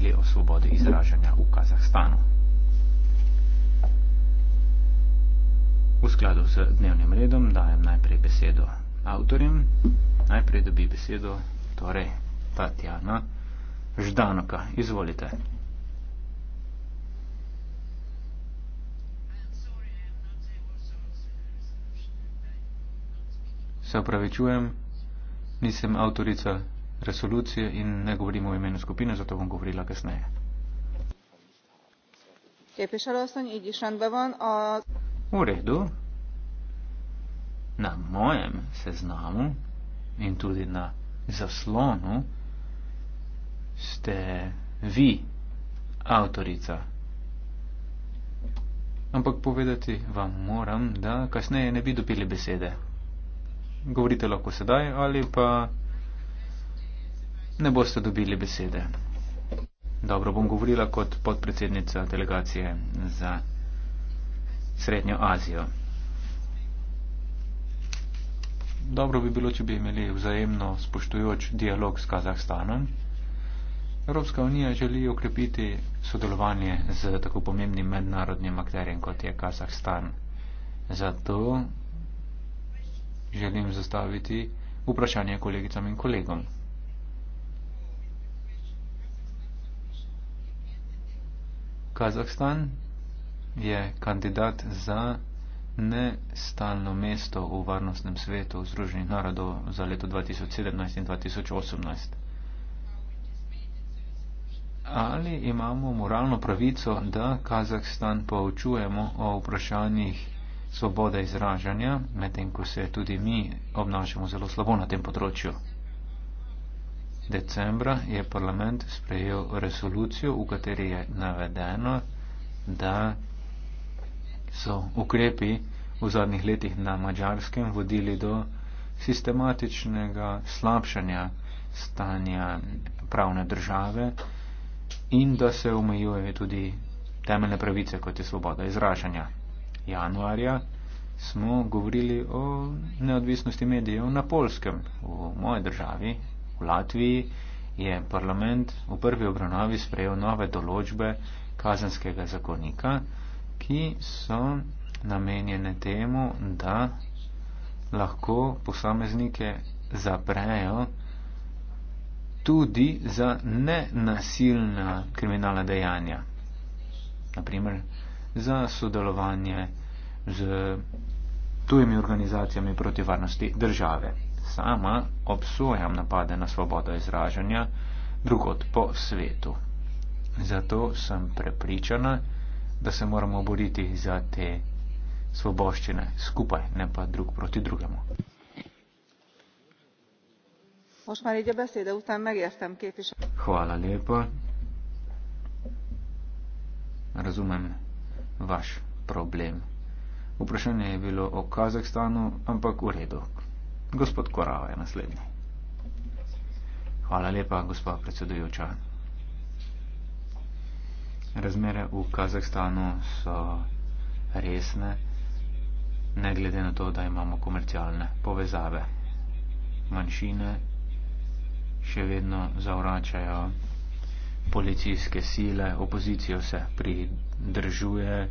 govorili o svobodi izražanja v Kazahstanu. V skladu z dnevnim redom dajem najprej besedo avtorjem. Najprej dobi besedo torej Tatjana Ždanoka. Izvolite. Se opravičujem, nisem avtorica resolucije in ne govorimo o imenu skupine, zato bom govorila kasneje. V redu. Na mojem seznamu in tudi na zaslonu ste vi avtorica. Ampak povedati vam moram, da kasneje ne bi dobili besede. Govorite lahko sedaj ali pa ne boste dobili besede. Dobro bom govorila kot podpredsednica delegacije za Srednjo Azijo. Dobro bi bilo, če bi imeli vzajemno spoštujoč dialog s Kazahstanom. Evropska unija želi okrepiti sodelovanje z tako pomembnim mednarodnim akterjem, kot je Kazahstan. Zato želim zastaviti vprašanje kolegicam in kolegom. Kazahstan je kandidat za nestalno mesto v varnostnem svetu Združenih narodov za leto 2017 in 2018. Ali imamo moralno pravico, da Kazahstan poučujemo o vprašanjih svobode izražanja, medtem ko se tudi mi obnašamo zelo slabo na tem področju? decembra je parlament sprejel resolucijo, v kateri je navedeno, da so ukrepi v zadnjih letih na mačarskem vodili do sistematičnega slabšanja stanja pravne države in da se omejujejo tudi temeljne pravice, kot je svoboda izražanja. Januarja smo govorili o neodvisnosti medijev na polskem, v moji državi, V Latviji je parlament v prvi obravnavi sprejel nove določbe kazenskega zakonika, ki so namenjene temu, da lahko posameznike zaprejo tudi za nenasilna kriminalna dejanja, naprimer za sodelovanje z tujimi organizacijami proti varnosti države sama obsojam napade na svobodo izražanja drugot po svetu. Zato sem prepričana, da se moramo boriti za te svoboščine skupaj, ne pa drug proti drugemu. Hvala lepa. Razumem vaš problem. Vprašanje je bilo o Kazahstanu, ampak v redu. Gospod Korava je naslednji. Hvala lepa, gospod predsedujoča. Razmere v Kazahstanu so resne, ne glede na to, da imamo komercialne povezave. Manjšine še vedno zavračajo policijske sile, opozicijo se pridržuje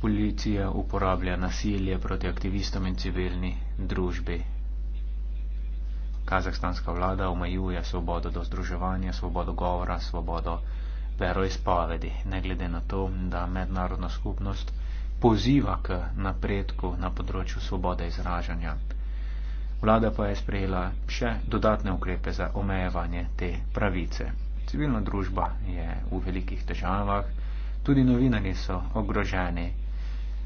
Policija uporablja nasilje proti aktivistom in civilni družbi. Kazahstanska vlada omejuje svobodo do združevanja, svobodo govora, svobodo veroizpovedi, ne glede na to, da mednarodna skupnost poziva k napredku na področju svobode izražanja. Vlada pa je sprejela še dodatne ukrepe za omejevanje te pravice. Civilna družba je v velikih težavah, tudi novinari so ogroženi.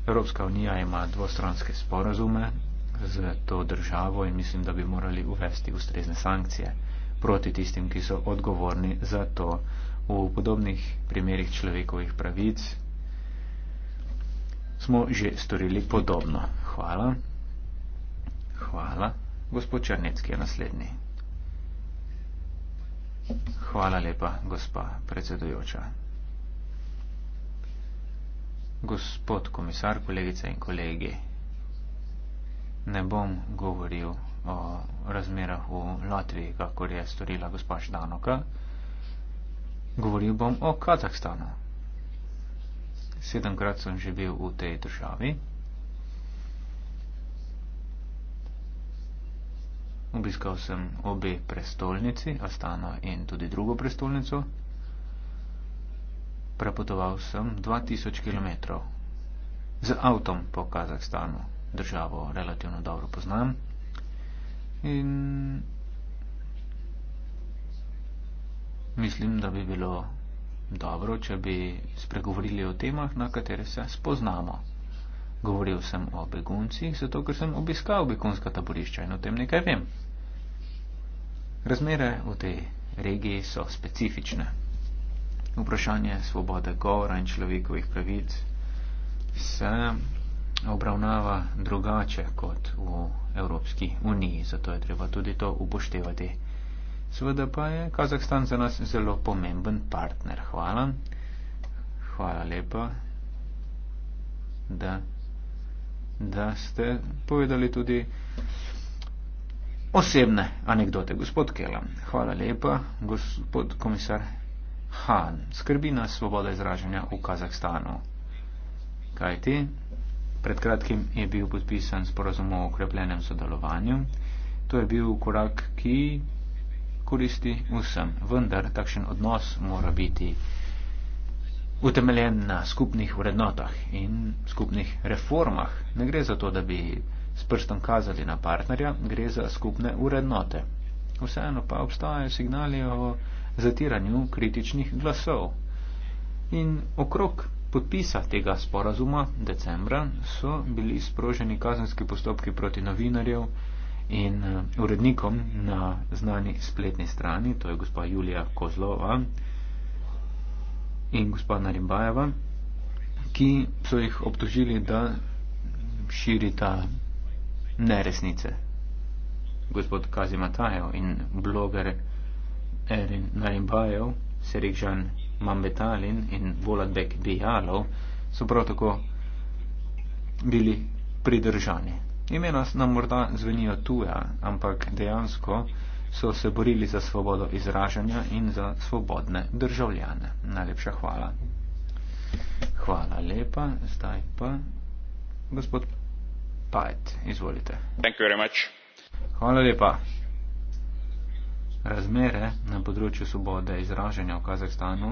Evropska unija ima dvostranske sporazume z to državo in mislim, da bi morali uvesti ustrezne sankcije proti tistim, ki so odgovorni za to v podobnih primerih človekovih pravic. Smo že storili podobno. Hvala. Hvala. Gospod Črnecki je naslednji. Hvala lepa, gospa predsedujoča. Gospod komisar, kolegice in kolegi, ne bom govoril o razmerah v Latviji, kakor je storila gospa Šdanoka. Govoril bom o Kazahstanu. Sedemkrat sem živel v tej državi. Obiskal sem obe prestolnici, Astano in tudi drugo prestolnico, prepotoval sem 2000 km z avtom po Kazahstanu, državo relativno dobro poznam. In mislim, da bi bilo dobro, če bi spregovorili o temah, na katere se spoznamo. Govoril sem o beguncih, zato ker sem obiskal begunska taborišča in o tem nekaj vem. Razmere v tej regiji so specifične vprašanje svobode govora in človekovih pravic se obravnava drugače kot v Evropski uniji, zato je treba tudi to upoštevati. Sveda pa je Kazahstan za nas zelo pomemben partner. Hvala. Hvala lepa, da, da ste povedali tudi osebne anekdote, gospod Kela. Hvala lepa, gospod komisar Han skrbi na svobodo izražanja v Kazahstanu. Kajti, pred kratkim je bil podpisan sporozum o okrepljenem sodelovanju. To je bil korak, ki koristi vsem. Vendar takšen odnos mora biti utemeljen na skupnih vrednotah in skupnih reformah. Ne gre za to, da bi s prstom kazali na partnerja, gre za skupne urednote. Vseeno pa obstajajo signali o zatiranju kritičnih glasov. In okrog podpisa tega sporazuma decembra so bili sproženi kazenski postopki proti novinarjev in eh, urednikom na znani spletni strani, to je gospa Julija Kozlova in gospa Narimbajeva, ki so jih obtožili, da širita neresnice. Gospod Kazimatajev in blogere. Erin Naimbajo, Serikžan Mambetalin in Volodbek Dijalov so prav tako bili pridržani. Imena nam morda zvenijo tuja, ampak dejansko so se borili za svobodo izražanja in za svobodne državljane. Najlepša hvala. Hvala lepa. Zdaj pa gospod Pajt, izvolite. Hvala lepa. Razmere na področju svobode izražanja v Kazahstanu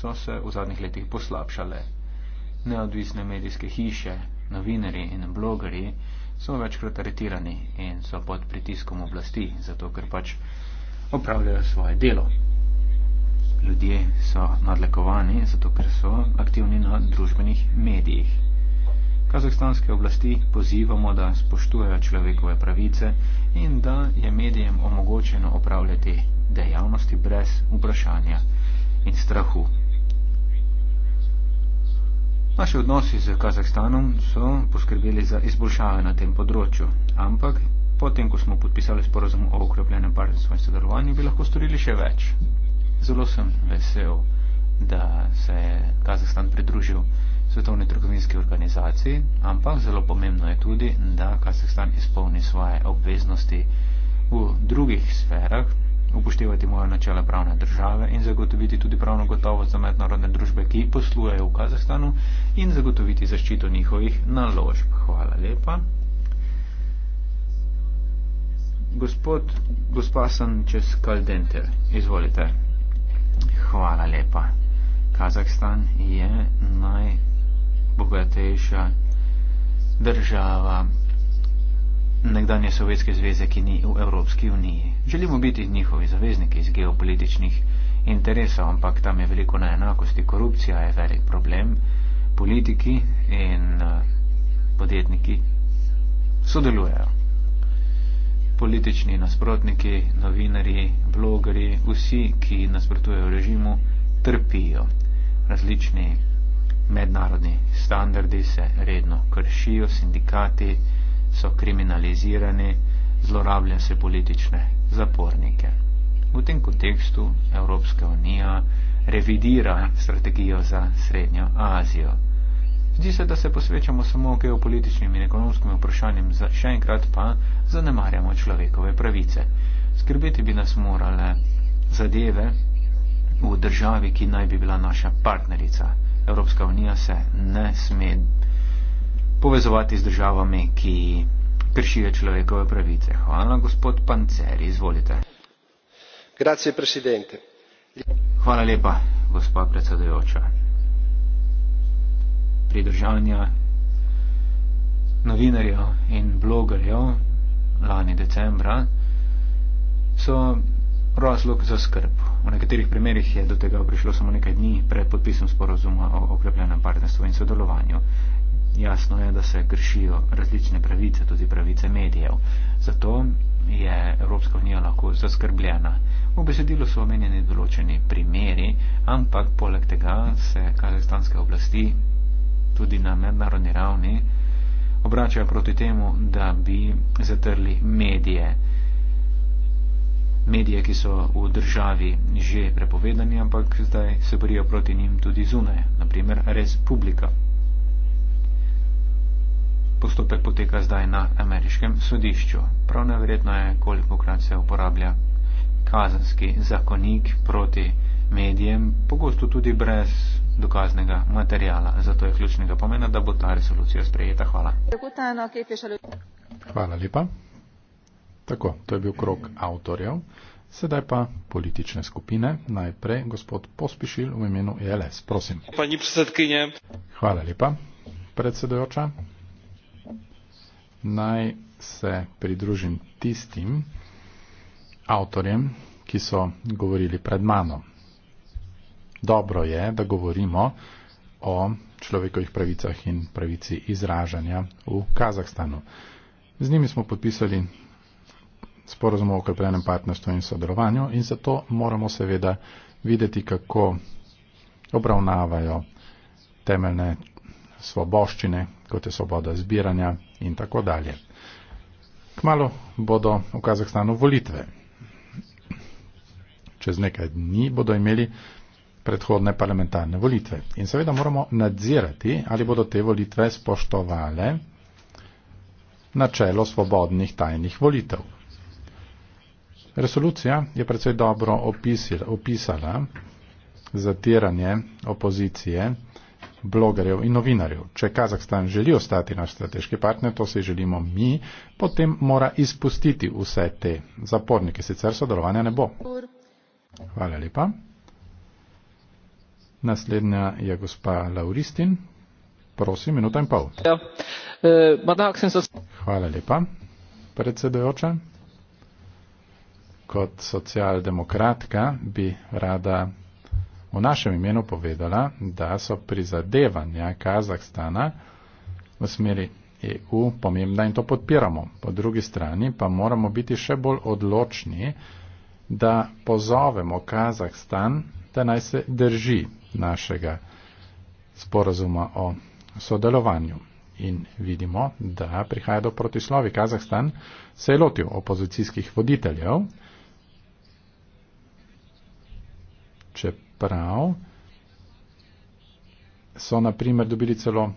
so se v zadnjih letih poslabšale. Neodvisne medijske hiše, novinari in blogeri so večkrat aretirani in so pod pritiskom oblasti, zato ker pač opravljajo svoje delo. Ljudje so nadlekovani, zato ker so aktivni na družbenih medijih kazahstanske oblasti pozivamo, da spoštujejo človekove pravice in da je medijem omogočeno opravljati dejavnosti brez vprašanja in strahu. Naši odnosi z Kazahstanom so poskrbeli za izboljšave na tem področju, ampak potem, ko smo podpisali sporozum o okrepljenem partnerstvu in sodelovanju, bi lahko storili še več. Zelo sem vesel, da se je Kazahstan pridružil svetovni trgovinski organizaciji, ampak zelo pomembno je tudi, da Kazahstan izpolni svoje obveznosti v drugih sferah, upoštevati moja načela pravne države in zagotoviti tudi pravno gotovost za mednarodne družbe, ki poslujejo v Kazahstanu in zagotoviti zaščito njihovih naložb. Hvala lepa. Gospod, gospa Sančes Kaldenter, izvolite. Hvala lepa. Kazahstan je naj najbogatejša država nekdanje Sovjetske zveze, ki ni v Evropski uniji. Želimo biti njihovi zavezniki iz geopolitičnih interesov, ampak tam je veliko neenakosti, korupcija je velik problem, politiki in eh, podjetniki sodelujejo. Politični nasprotniki, novinari, blogeri, vsi, ki nasprotujejo režimu, trpijo. Različni mednarodni standardi se redno kršijo, sindikati so kriminalizirani, zlorablja se politične zapornike. V tem kontekstu Evropska unija revidira strategijo za Srednjo Azijo. Zdi se, da se posvečamo samo geopolitičnim in ekonomskim vprašanjem, še enkrat pa zanemarjamo človekove pravice. Skrbeti bi nas morale zadeve v državi, ki naj bi bila naša partnerica. Evropska unija se ne sme povezovati z državami, ki kršijo človekove pravice. Hvala, gospod Panceri, izvolite. Hvala lepa, gospa predsedujoča. Pridržanja novinarjev in blogerjev lani decembra so razlog za skrb. V nekaterih primerjih je do tega prišlo samo nekaj dni pred podpisom sporozuma o okrepljenem partnerstvu in sodelovanju. Jasno je, da se kršijo različne pravice, tudi pravice medijev. Zato je Evropska unija lahko zaskrbljena. V besedilu so omenjeni določeni primeri, ampak poleg tega se kazahstanske oblasti tudi na mednarodni ravni obračajo proti temu, da bi zatrli medije medije, ki so v državi že prepovedani, ampak zdaj se borijo proti njim tudi zunaj, naprimer Res Publika. Postopek poteka zdaj na ameriškem sodišču. Prav neverjetno je, koliko krat se uporablja kazanski zakonik proti medijem, pogosto tudi brez dokaznega materijala. Zato je ključnega pomena, da bo ta resolucija sprejeta. Hvala. Hvala lepa. Tako, to je bil krok avtorjev. Sedaj pa politične skupine. Najprej gospod Pospišil v imenu ELS. Prosim. Pani predsedkinje. Hvala lepa, predsedojoča. Naj se pridružim tistim avtorjem, ki so govorili pred mano. Dobro je, da govorimo o človekovih pravicah in pravici izražanja v Kazahstanu. Z njimi smo podpisali sporozum o okrepljenem partnerstvu in sodelovanju in zato moramo seveda videti, kako obravnavajo temeljne svoboščine, kot je svoboda zbiranja in tako dalje. Kmalo bodo v Kazahstanu volitve. Čez nekaj dni bodo imeli predhodne parlamentarne volitve. In seveda moramo nadzirati, ali bodo te volitve spoštovale načelo svobodnih tajnih volitev. Resolucija je predvsej dobro opisil, opisala zatiranje opozicije, blogerjev in novinarjev. Če Kazahstan želi ostati naš strateški partner, to si želimo mi, potem mora izpustiti vse te zapornike, sicer sodelovanja ne bo. Hvala lepa. Naslednja je gospa Lauristin. Prosim, minuta in pol. Ja, eh, Hvala lepa, predsedujoča kot socialdemokratka bi rada v našem imenu povedala, da so prizadevanja Kazahstana v smeri EU pomembna in to podpiramo. Po drugi strani pa moramo biti še bolj odločni, da pozovemo Kazahstan, da naj se drži našega sporazuma o sodelovanju. In vidimo, da prihaja do protislovi. Kazahstan se je lotil opozicijskih voditeljev, čeprav so na primer dobili celo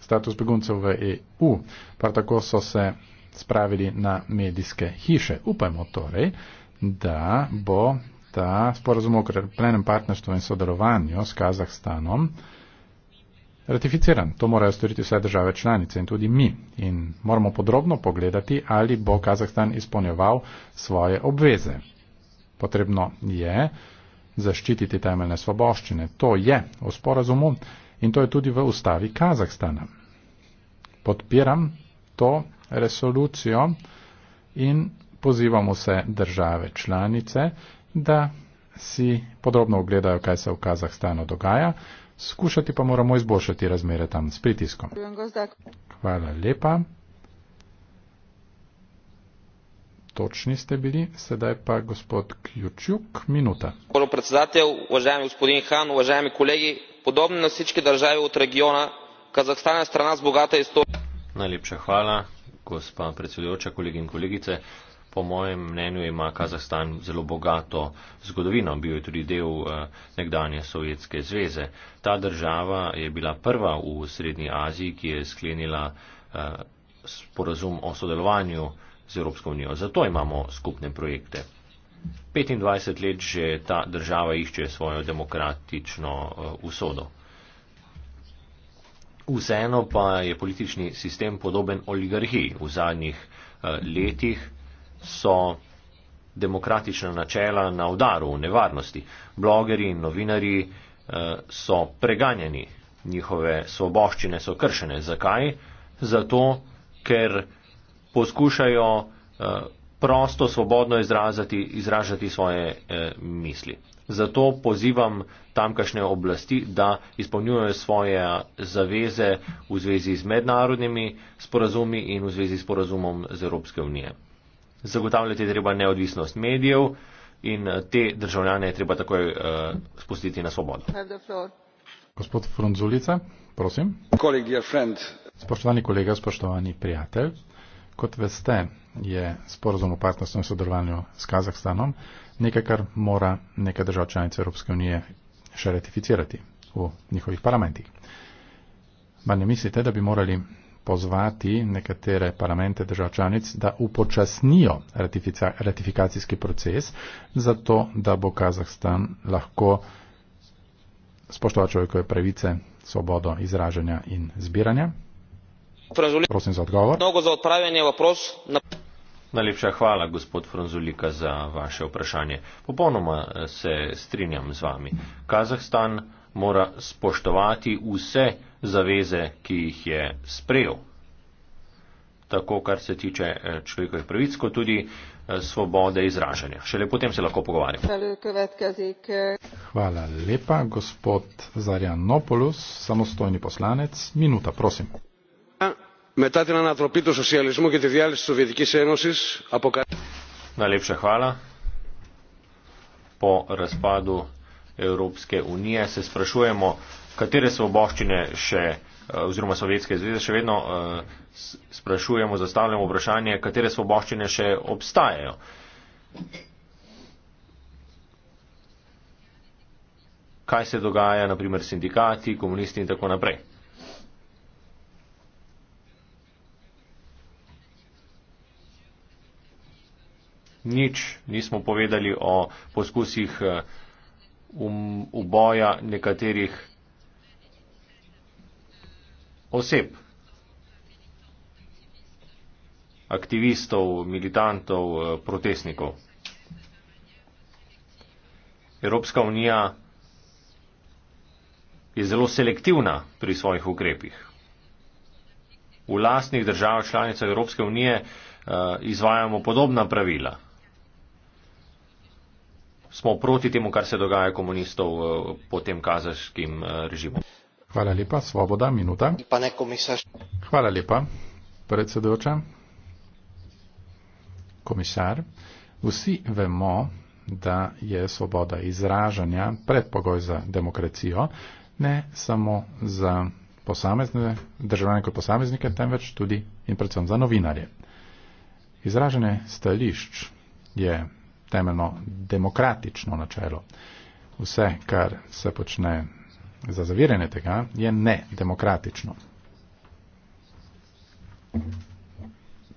status beguncev v EU, pa tako so se spravili na medijske hiše. Upajmo torej, da bo ta sporozum o plenem partnerstvu in sodelovanju s Kazahstanom ratificiran. To morajo storiti vse države članice in tudi mi. In moramo podrobno pogledati, ali bo Kazahstan izpolnjeval svoje obveze. Potrebno je zaščititi temeljne svoboščine. To je v sporazumu in to je tudi v ustavi Kazahstana. Podpiram to resolucijo in pozivam vse države članice, da si podrobno ogledajo, kaj se v Kazahstanu dogaja. Skušati pa moramo izboljšati razmere tam s pritiskom. Hvala lepa. točni ste bili, sedaj pa gospod Kjučuk, minuta. Gospod predsedatelj, uvaženi gospodin Han, uvaženi kolegi, podobno na vsički državi od regiona, Kazahstan je strana z bogata istorija. Najlepša hvala, gospa predsedujoča, kolegi in kolegice. Po mojem mnenju ima Kazahstan zelo bogato zgodovino, bil je tudi del eh, nekdanje Sovjetske zveze. Ta država je bila prva v Srednji Aziji, ki je sklenila eh, sporazum o sodelovanju z Evropsko unijo. Zato imamo skupne projekte. 25 let že ta država išče svojo demokratično eh, usodo. Vseeno pa je politični sistem podoben oligarhiji. V zadnjih eh, letih so demokratična načela na udaru, v nevarnosti. Blogeri in novinari eh, so preganjeni, njihove svoboščine so kršene. Zakaj? Zato, ker poskušajo eh, prosto, svobodno izražati, izražati svoje eh, misli. Zato pozivam tamkajšnje oblasti, da izpolnjujejo svoje zaveze v zvezi z mednarodnimi sporazumi in v zvezi s sporazumom z Evropske unije. Zagotavljati je treba neodvisnost medijev in eh, te državljane je treba takoj uh, spustiti na svobodo. Gospod Frunzulica, prosim. Spoštovani kolega, spoštovani prijatelj. Kot veste, je sporozum o partnerstvu in sodelovanju s Kazahstanom nekaj, kar mora neka država članica Evropske unije še ratificirati v njihovih parlamentih. Ma ne mislite, da bi morali pozvati nekatere parlamente držav članic, da upočasnijo ratifica, ratifikacijski proces, zato da bo Kazahstan lahko spoštoval človekove pravice, svobodo izražanja in zbiranja, Prosim za odgovor. Mnogo za odpravljanje vprašanj. Na... Najlepša hvala, gospod Franzulika, za vaše vprašanje. Popolnoma eh, se strinjam z vami. Kazahstan mora spoštovati vse zaveze, ki jih je sprejel. Tako, kar se tiče eh, človekovih pravic, kot tudi eh, svobode izražanja. Šele potem se lahko pogovarjamo. Hvala lepa, gospod Zarjan Nopolus, samostojni poslanec. Minuta, prosim μετά την ανατροπή του σοσιαλισμού και τη διάλυση της Σοβιετικής Ένωσης αποκαλύψε χάλα po razpadu Evropske unije se sprašujemo, katere svoboščine še, eh, oziroma Sovjetske zveze, še vedno eh, sprašujemo, zastavljamo vprašanje, katere svoboščine še obstajajo. Kaj se dogaja, naprimer, sindikati, komunisti in tako naprej. nič nismo povedali o poskusih eh, um, uboja nekaterih oseb, aktivistov, militantov, eh, protestnikov. Evropska unija je zelo selektivna pri svojih ukrepih. V lastnih državah članicah Evropske unije uh, izvajamo podobna pravila smo proti temu, kar se dogaja komunistov eh, pod tem kazaškim eh, režimom. Hvala lepa, svoboda, minuta. Pa ne komisar. Hvala lepa, predsedujoča. Komisar, vsi vemo, da je svoboda izražanja predpogoj za demokracijo, ne samo za posamezne državljane kot posameznike, temveč tudi in predvsem za novinarje. Izražanje stališč je temeljno demokratično načelo. Vse, kar se počne za zaviranje tega, je nedemokratično.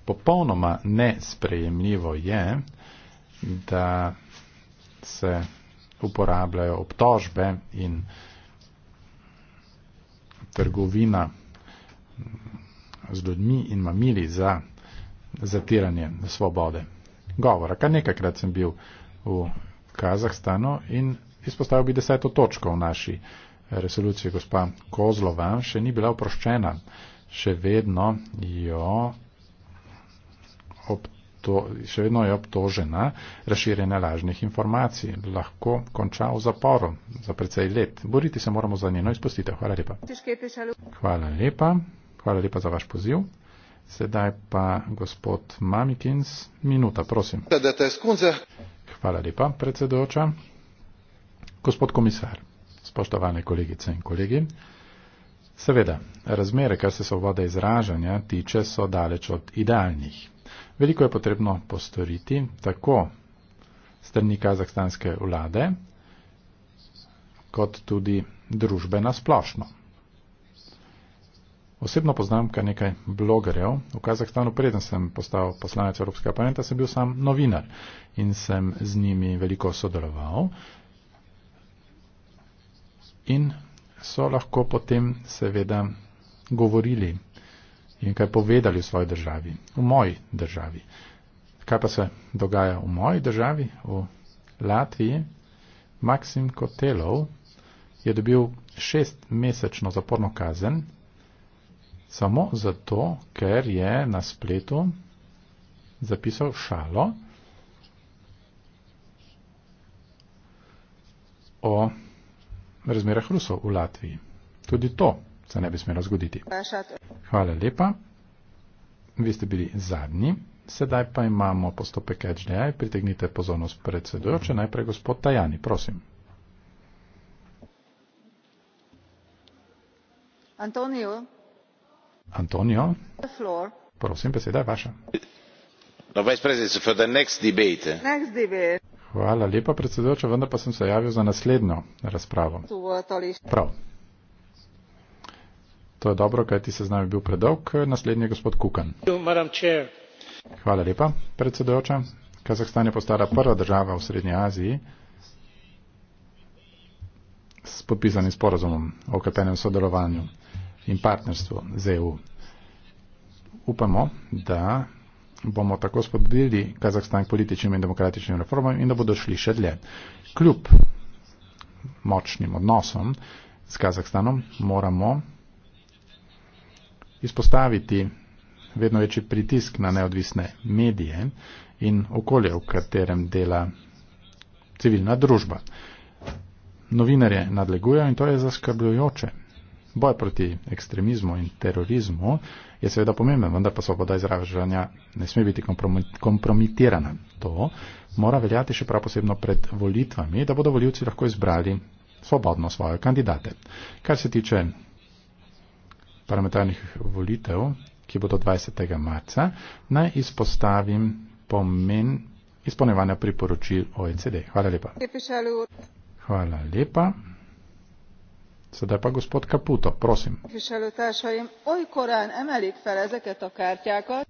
Popolnoma nesprejemljivo je, da se uporabljajo obtožbe in trgovina z ljudmi in mamili za zatiranje svobode govora. Kar nekajkrat sem bil v Kazahstanu in izpostavil bi deseto točko v naši resoluciji. Gospa Kozlova še ni bila oproščena, še vedno jo To, še vedno je obtožena razširjena lažnih informacij. Lahko konča v zaporu za precej let. Boriti se moramo za njeno izpostitev. Hvala lepa. Hvala lepa. Hvala lepa za vaš poziv. Sedaj pa gospod Mamikins, minuta, prosim. Hvala lepa, predsedujoča. Gospod komisar, spoštovane kolegice in kolegi. Seveda, razmere, kar se svobode izražanja tiče, so daleč od idealnih. Veliko je potrebno postoriti tako strani kazahstanske vlade, kot tudi družbe na splošno. Osebno poznam kar nekaj blogerjev. V Kazahstanu, preden sem postal poslanec Evropskega parlamenta, sem bil sam novinar in sem z njimi veliko sodeloval. In so lahko potem seveda govorili in kaj povedali v svoji državi, v moji državi. Kaj pa se dogaja v moji državi, v Latviji? Maksim Kotelov je dobil šestmesečno zaporno kazen samo zato, ker je na spletu zapisal šalo o razmerah Rusov v Latviji. Tudi to se ne bi smelo zgoditi. Hvala lepa. Vi ste bili zadnji. Sedaj pa imamo postopek HDI. Pritegnite pozornost predsedujoče. Najprej gospod Tajani, prosim. Antonijo. Antonio. The floor. Prosim, beseda je vaša. No, for the next debate. Eh. Next debate. Hvala lepa, predsedujoča, vendar pa sem se javil za naslednjo razpravo. Prav. To je dobro, kaj ti se z nami bil predolg. Naslednji je gospod Kukan. Hvala lepa, predsedujoča. Kazahstan je postala prva država v Srednji Aziji s podpisanim sporazumom o okrepenem sodelovanju in partnerstvu z EU. Upamo, da bomo tako spodbudili Kazahstan k političnim in demokratičnim reformam in da bodo šli še dlje. Kljub močnim odnosom s Kazahstanom moramo izpostaviti vedno večji pritisk na neodvisne medije in okolje, v katerem dela civilna družba. Novinarje nadlegujo in to je zaskrbljujoče boj proti ekstremizmu in terorizmu je seveda pomemben, vendar pa svoboda izražanja ne sme biti kompromitirana. To mora veljati še prav posebno pred volitvami, da bodo voljivci lahko izbrali svobodno svoje kandidate. Kar se tiče parlamentarnih volitev, ki bodo 20. marca, naj izpostavim pomen izpolnevanja priporočil OECD. Hvala lepa. Hvala lepa. Sedaj pa gospod Caputo, prosim. Képviselőtársaim, olykorán emelik fel ezeket a kártyákat.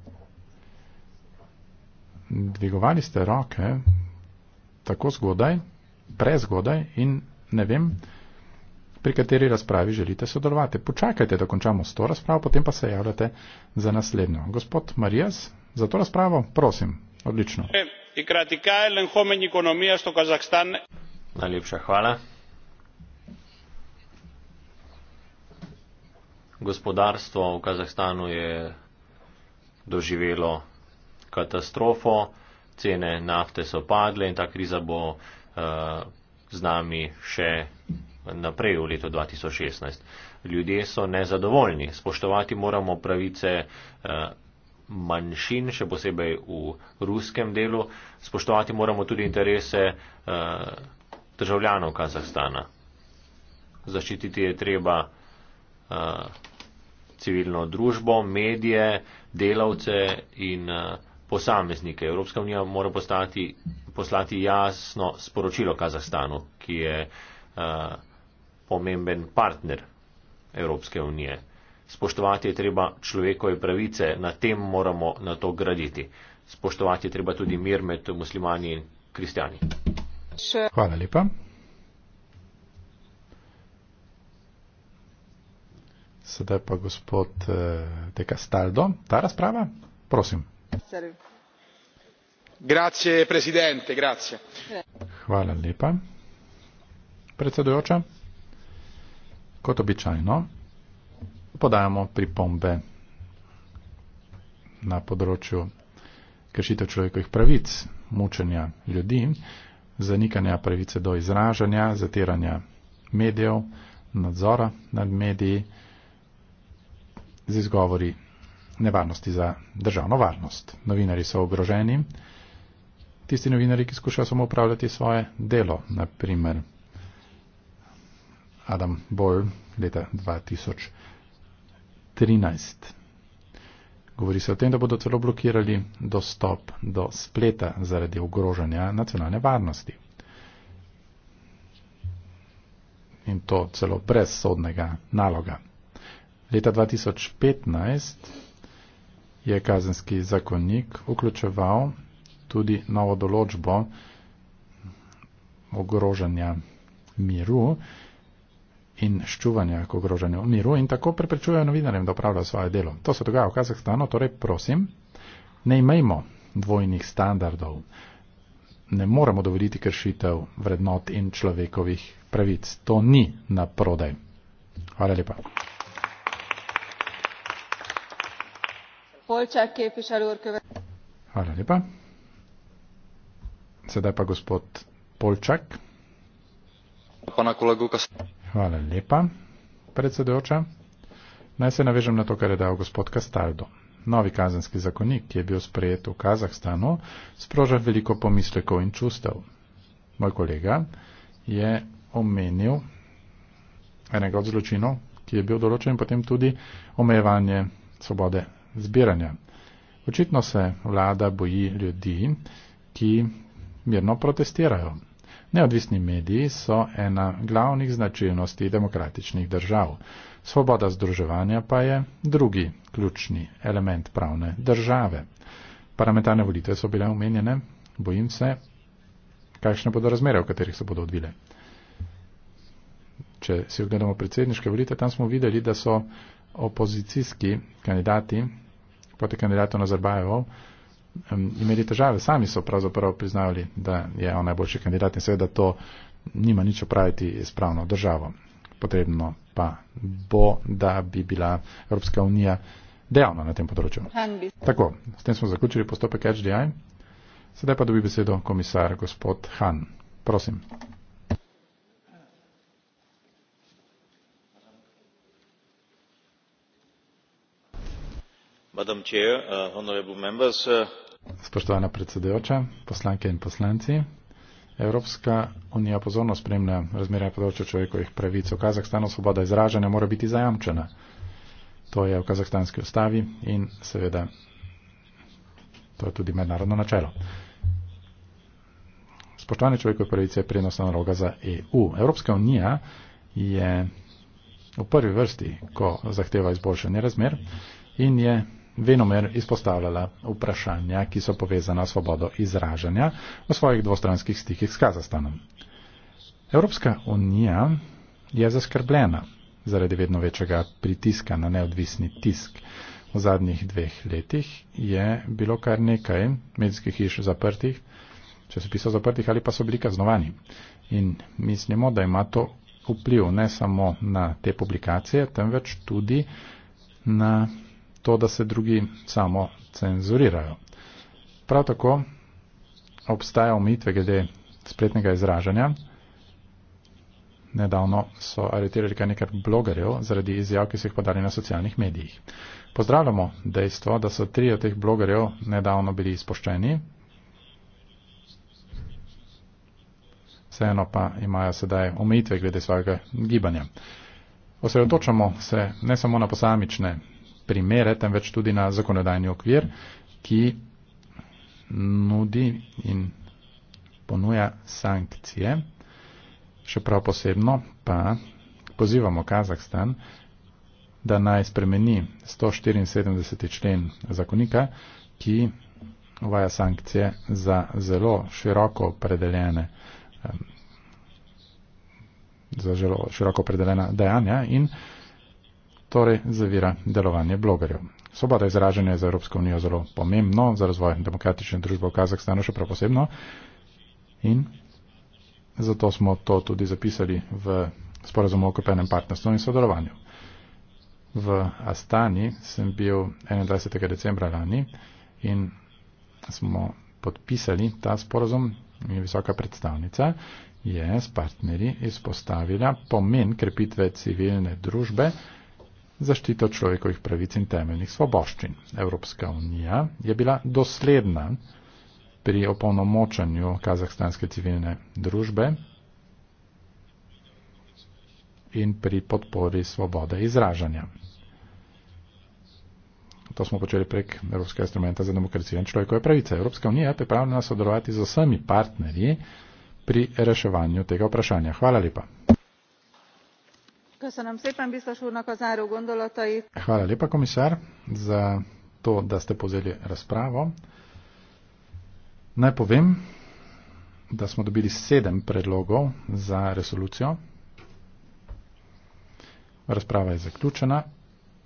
Dvigovali ste roke tako zgodaj, prezgodaj in ne vem, pri kateri razpravi želite sodelovati. Počakajte, da končamo s to razpravo, potem pa se javljate za naslednjo. Gospod Marijas, za to razpravo, prosim, odlično. Najlepša hvala. gospodarstvo v Kazahstanu je doživelo katastrofo, cene nafte so padle in ta kriza bo uh, z nami še naprej v letu 2016. Ljudje so nezadovoljni, spoštovati moramo pravice uh, manjšin, še posebej v ruskem delu, spoštovati moramo tudi interese uh, državljanov Kazahstana. Zaščititi je treba uh, civilno družbo, medije, delavce in eh, posameznike. Evropska unija mora postati, poslati jasno sporočilo Kazahstanu, ki je uh, pomemben partner Evropske unije. Spoštovati je treba človekove pravice, na tem moramo na to graditi. Spoštovati je treba tudi mir med muslimani in kristjani. Hvala lepa. Sedaj pa gospod eh, Deka Staldo, ta razprava, prosim. Grazie, presidente, grazie. Hvala lepa. Predsedujoča, kot običajno, podajamo pripombe na področju kršitev človekovih pravic, mučenja ljudi, zanikanja pravice do izražanja, zatiranja medijev, nadzora nad mediji z izgovori nevarnosti za državno varnost. Novinari so ogroženi. Tisti novinari, ki skušajo samo upravljati svoje delo, naprimer Adam Boyle leta 2013. Govori se o tem, da bodo celo blokirali dostop do spleta zaradi ogrožanja nacionalne varnosti. In to celo brez sodnega naloga. Leta 2015 je kazenski zakonnik vključeval tudi novo določbo ogrožanja miru in ščuvanja k ogrožanju miru in tako preprečujejo novinarjem, da opravljajo svoje delo. To se dogaja v Kazahstanu, torej prosim, ne imejmo dvojnih standardov. Ne moremo dovoliti kršitev vrednot in človekovih pravic. To ni na prodaj. Hvala lepa. Polčak, képviselő úr, következik. Sedaj pa gospod Polčak. Pana kolega. Hvala lepa, predsedujoča. Naj se navežem na to, kar je dal gospod Kastaldo. Novi kazenski zakonik, ki je bil sprejet v Kazahstanu, sproža veliko pomislekov in čustev. Moj kolega je omenil enega od zločinov, ki je bil določen potem tudi omejevanje svobode zbiranja. Očitno se vlada boji ljudi, ki mirno protestirajo. Neodvisni mediji so ena glavnih značilnosti demokratičnih držav. Svoboda združevanja pa je drugi ključni element pravne države. Parlamentarne volitve so bile omenjene, bojim se, kakšne bodo razmere, v katerih se bodo odvile. Če si ogledamo predsedniške volitve, tam smo videli, da so opozicijski kandidati, poti kandidatov Nazarbajevov, um, imeli težave. Sami so pravzaprav priznavali, da je on najboljši kandidat in seveda to nima nič opraviti s pravno državo. Potrebno pa bo, da bi bila Evropska unija dejavna na tem področju. Tako, s tem smo zaključili postopek HDI. Sedaj pa dobi besedo komisar gospod Han. Prosim. Uh, uh, Spoštovana predsedujoča, poslanke in poslanci. Evropska unija pozorno spremlja razmerja na področju človekovih pravic. V Kazahstanu svoboda izražanja mora biti zajamčena. To je v kazahstanski ustavi in seveda to je tudi mednarodno načelo. Spoštovanje človekove pravice je prednostna naloga za EU. Evropska unija je v prvi vrsti, ko zahteva izboljšanje razmer in je venomer izpostavljala vprašanja, ki so povezana s svobodo izražanja v svojih dvostranskih stikih s Kazastanom. Evropska unija je zaskrbljena zaradi vedno večjega pritiska na neodvisni tisk. V zadnjih dveh letih je bilo kar nekaj medijskih hiš zaprtih, časopisov zaprtih ali pa so bili kaznovani. In mislimo, da ima to vpliv ne samo na te publikacije, temveč tudi na to, da se drugi samo cenzurirajo. Prav tako obstaja omitve glede spletnega izražanja. Nedavno so aretirali kar nekaj blogerjev zaradi izjav, ki so jih podali na socialnih medijih. Pozdravljamo dejstvo, da so tri od teh blogerjev nedavno bili izpoščeni. Vseeno pa imajo sedaj omejitve glede svojega gibanja. Osredotočamo se ne samo na posamične primere, temveč tudi na zakonodajni okvir, ki nudi in ponuja sankcije. Še prav posebno pa pozivamo Kazahstan, da naj spremeni 174. člen zakonika, ki uvaja sankcije za zelo široko opredeljene za zelo široko opredeljena dejanja in torej zavira delovanje blogerjev. Svoboda izražanja je za Evropsko unijo zelo pomembno, za razvoj demokratične družbe v Kazahstanu še prav posebno. In zato smo to tudi zapisali v sporazumu o kopenem partnerstvu in sodelovanju. V Astani sem bil 21. decembra lani in smo podpisali ta sporazum in visoka predstavnica je s partnerji izpostavila pomen krepitve civilne družbe zaščito človekovih pravic in temeljnih svoboščin. Evropska unija je bila dosledna pri opolnomočanju kazahstanske civilne družbe in pri podpori svobode izražanja. To smo počeli prek Evropskega instrumenta za demokracijo in človekove pravice. Evropska unija je pripravljena sodelovati z vsemi partnerji pri reševanju tega vprašanja. Hvala lepa. Köszönöm szépen biztos úrnak a záró gondolatait. Hvala lepa, komisár, za to, da ste pozeli razpravo. Naj povem, da smo dobili sedem predlogov za resolucijo. Razprava je zaključena,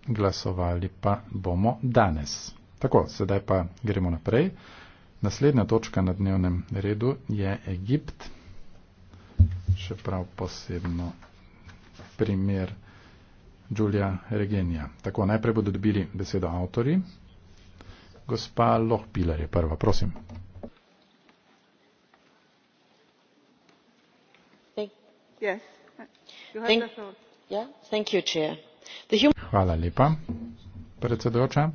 glasovali pa bomo danes. Tako, sedaj pa gremo naprej. Naslednja točka na dnevnem redu je Egipt, še prav posebno primer Giulia Regenija. Tako, najprej bodo dobili besedo avtori. Gospa Lohpiler je prva, prosim. Hvala lepa, predsedujoča.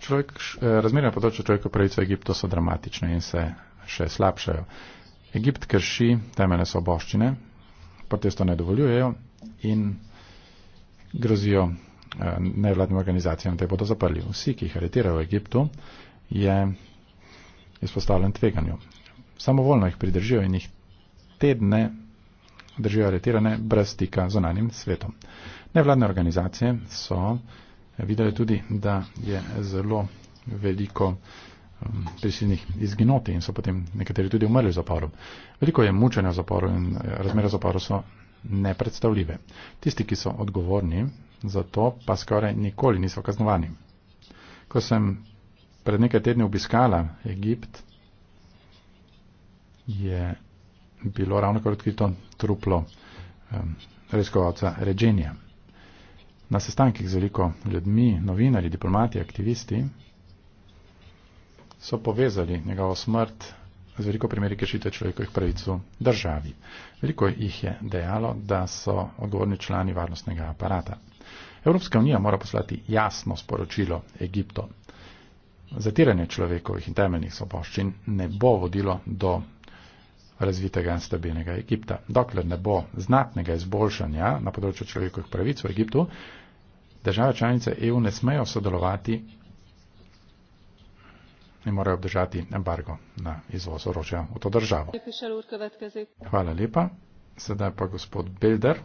Človek, eh, razmerja področja človeka pravic v Egiptu so dramatične in se še slabšajo. Egipt krši temeljne svoboščine, protesto ne dovoljujejo, in grozijo eh, nevladnim organizacijam, da bodo zaprli. Vsi, ki jih aretirajo v Egiptu, je izpostavljen tveganju. Samovoljno jih pridržijo in jih tedne držijo aretirane brez stika z onanim svetom. Nevladne organizacije so videli tudi, da je zelo veliko um, prisilnih izginoti in so potem nekateri tudi umrli v zaporu. Veliko je mučenja v zaporu in eh, razmere v zaporu so nepredstavljive. Tisti, ki so odgovorni za to, pa skoraj nikoli niso kaznovani. Ko sem pred nekaj tedni obiskala Egipt, je bilo ravno kar odkrito truplo um, reskovalca Regenija. Na sestankih z veliko ljudmi, novinarji, diplomati, aktivisti so povezali njegovo smrt z veliko primeri kršitev človekovih pravic v državi. Veliko jih je dejalo, da so odgovorni člani varnostnega aparata. Evropska unija mora poslati jasno sporočilo Egipto. Zatiranje človekovih in temeljnih svoboščin ne bo vodilo do razvitega in stabilnega Egipta. Dokler ne bo znatnega izboljšanja na področju človekovih pravic v Egiptu, države članice EU ne smejo sodelovati ne morejo obdržati embargo na izvoz orožja v to državo. Hvala lepa. Sedaj pa gospod Bilder.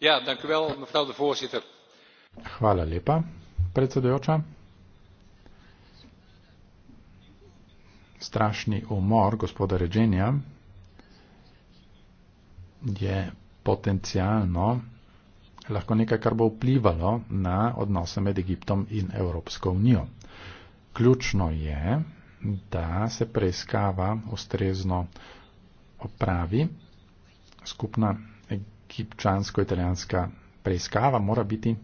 Ja, dankjewel, mevrouw de voorzitter. Hvala lepa, predsedujoča. Strašni umor gospoda Reženja je potencialno lahko nekaj, kar bo vplivalo na odnose med Egiptom in Evropsko unijo. Ključno je, da se preiskava ustrezno opravi. Skupna egipčansko-italijanska preiskava mora biti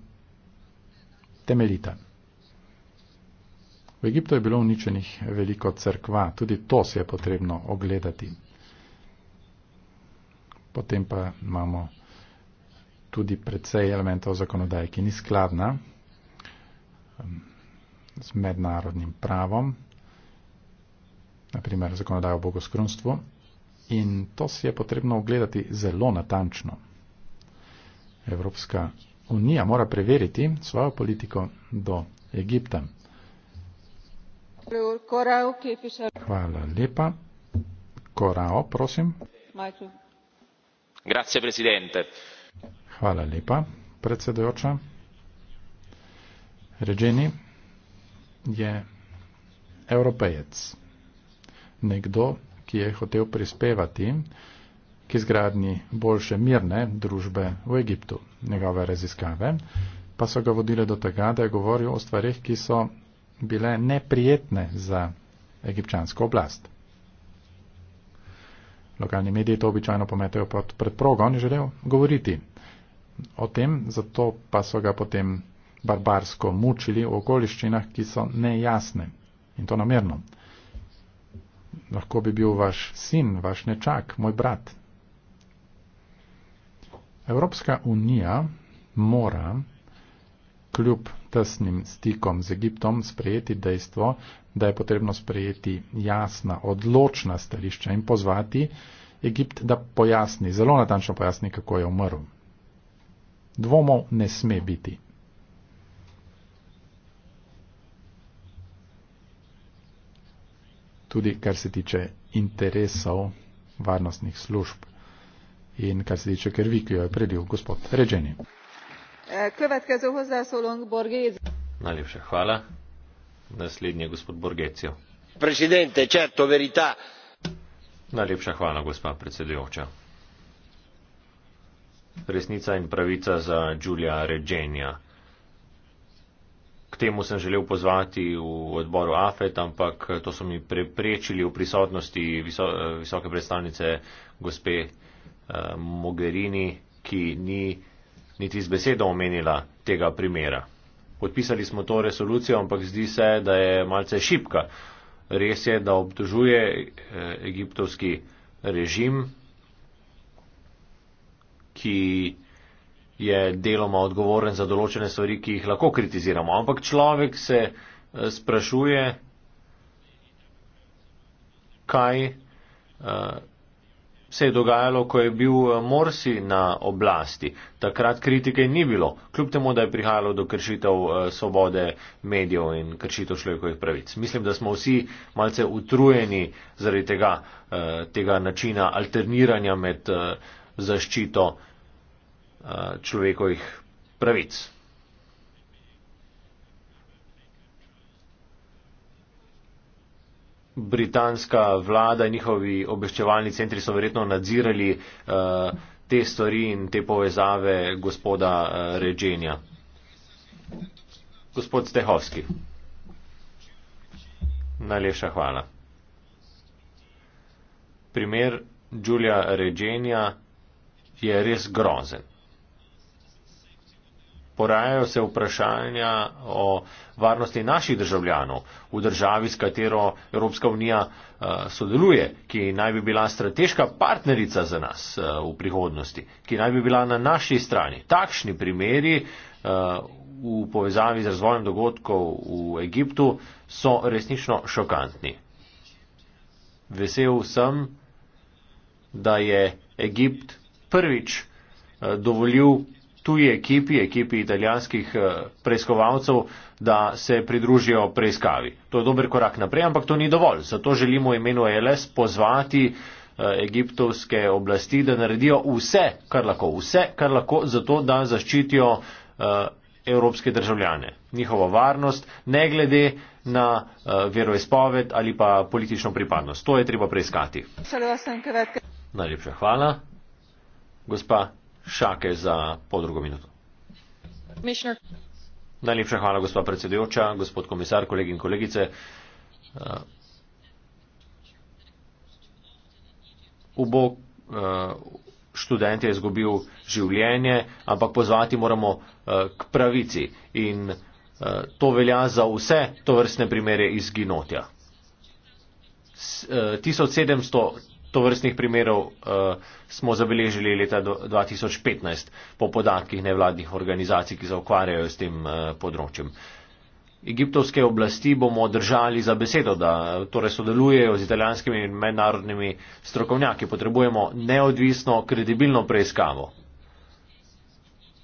temeljita. V Egiptu je bilo uničenih veliko crkva, tudi to se je potrebno ogledati. Potem pa imamo tudi precej elementov zakonodaje, ki ni skladna um, z mednarodnim pravom, naprimer zakonodajo o bogoskrunstvu. In to si je potrebno ogledati zelo natančno. Evropska unija mora preveriti svojo politiko do Egipta. Hvala lepa. Korao, prosim. Grazie, presidente. Hvala lepa, predsedojoča. Ređeni je evropejec. Nekdo, ki je hotel prispevati k izgradni boljše mirne družbe v Egiptu. Njegove raziskave pa so ga vodile do tega, da je govoril o stvarih, ki so bile neprijetne za egipčansko oblast. Lokalni mediji to običajno pometejo pod predprogo, on je želel govoriti o tem, zato pa so ga potem barbarsko mučili v okoliščinah, ki so nejasne in to namerno. Lahko bi bil vaš sin, vaš nečak, moj brat. Evropska unija mora kljub tesnim stikom z Egiptom sprejeti dejstvo, da je potrebno sprejeti jasna, odločna stališča in pozvati Egipt, da pojasni, zelo natančno pojasni, kako je umrl dvomov ne sme biti. Tudi kar se tiče interesov varnostnih služb in kar se tiče krvi, ki jo je predil gospod Ređeni. Najlepša hvala. Naslednji je gospod Borgecijo. Najlepša hvala, gospa predsedujoča resnica in pravica za Đulja Regenja. K temu sem želel pozvati v odboru AFET, ampak to so mi preprečili v prisotnosti viso, visoke predstavnice gospe eh, Mogherini, ki ni niti z besedo omenila tega primera. Podpisali smo to resolucijo, ampak zdi se, da je malce šipka. Res je, da obtožuje eh, egiptovski režim ki je deloma odgovoren za določene stvari, ki jih lahko kritiziramo. Ampak človek se eh, sprašuje, kaj uh, se je dogajalo, ko je bil eh, Morsi na oblasti. Takrat kritike ni bilo, kljub temu, da je prihajalo do kršitev uh, svobode medijev in kršitev človekovih pravic. Mislim, da smo vsi malce utrujeni zaradi tega, uh, tega načina alterniranja med uh, zaščito uh, Eh, človekovih pravic. Britanska vlada in njihovi obveščevalni centri so verjetno nadzirali eh, te stvari in te povezave gospoda eh, Reženja. Gospod Stehovski. Najlepša hvala. Primer Julija Reženja je res grozen. Porajajo se vprašanja o varnosti naših državljanov v državi, s katero Evropska unija eh, sodeluje, ki naj bi bila strateška partnerica za nas eh, v prihodnosti, ki naj bi bila na naši strani. Takšni primeri eh, v povezavi z razvojem dogodkov v Egiptu so resnično šokantni. Vesel sem, da je Egipt prvič dovolil tuji ekipi, ekipi italijanskih eh, preiskovalcev, da se pridružijo preiskavi. To je dober korak naprej, ampak to ni dovolj. Zato želimo v imenu LS pozvati eh, egiptovske oblasti, da naredijo vse, kar lahko, vse, kar lahko, zato da zaščitijo eh, evropske državljane, njihovo varnost, ne glede na veroizpoved ali pa politično pripadnost. To je treba preiskati. Najlepša hvala. Gospa Šake za pol drugo minuto. Najlepša hvala, gospod predsedujoča, gospod komisar, kolegi in kolegice. Uh, ubog uh, študent je izgubil življenje, ampak pozvati moramo uh, k pravici. In to velja za vse to vrstne primere izginotja. 1700 to vrstnih primerov uh, smo zabeležili leta 2015 po podatkih nevladnih organizacij, ki se ukvarjajo s tem uh, področjem. Egiptovske oblasti bomo držali za besedo, da torej sodelujejo z italijanskimi in mednarodnimi strokovnjaki. Potrebujemo neodvisno, kredibilno preiskavo.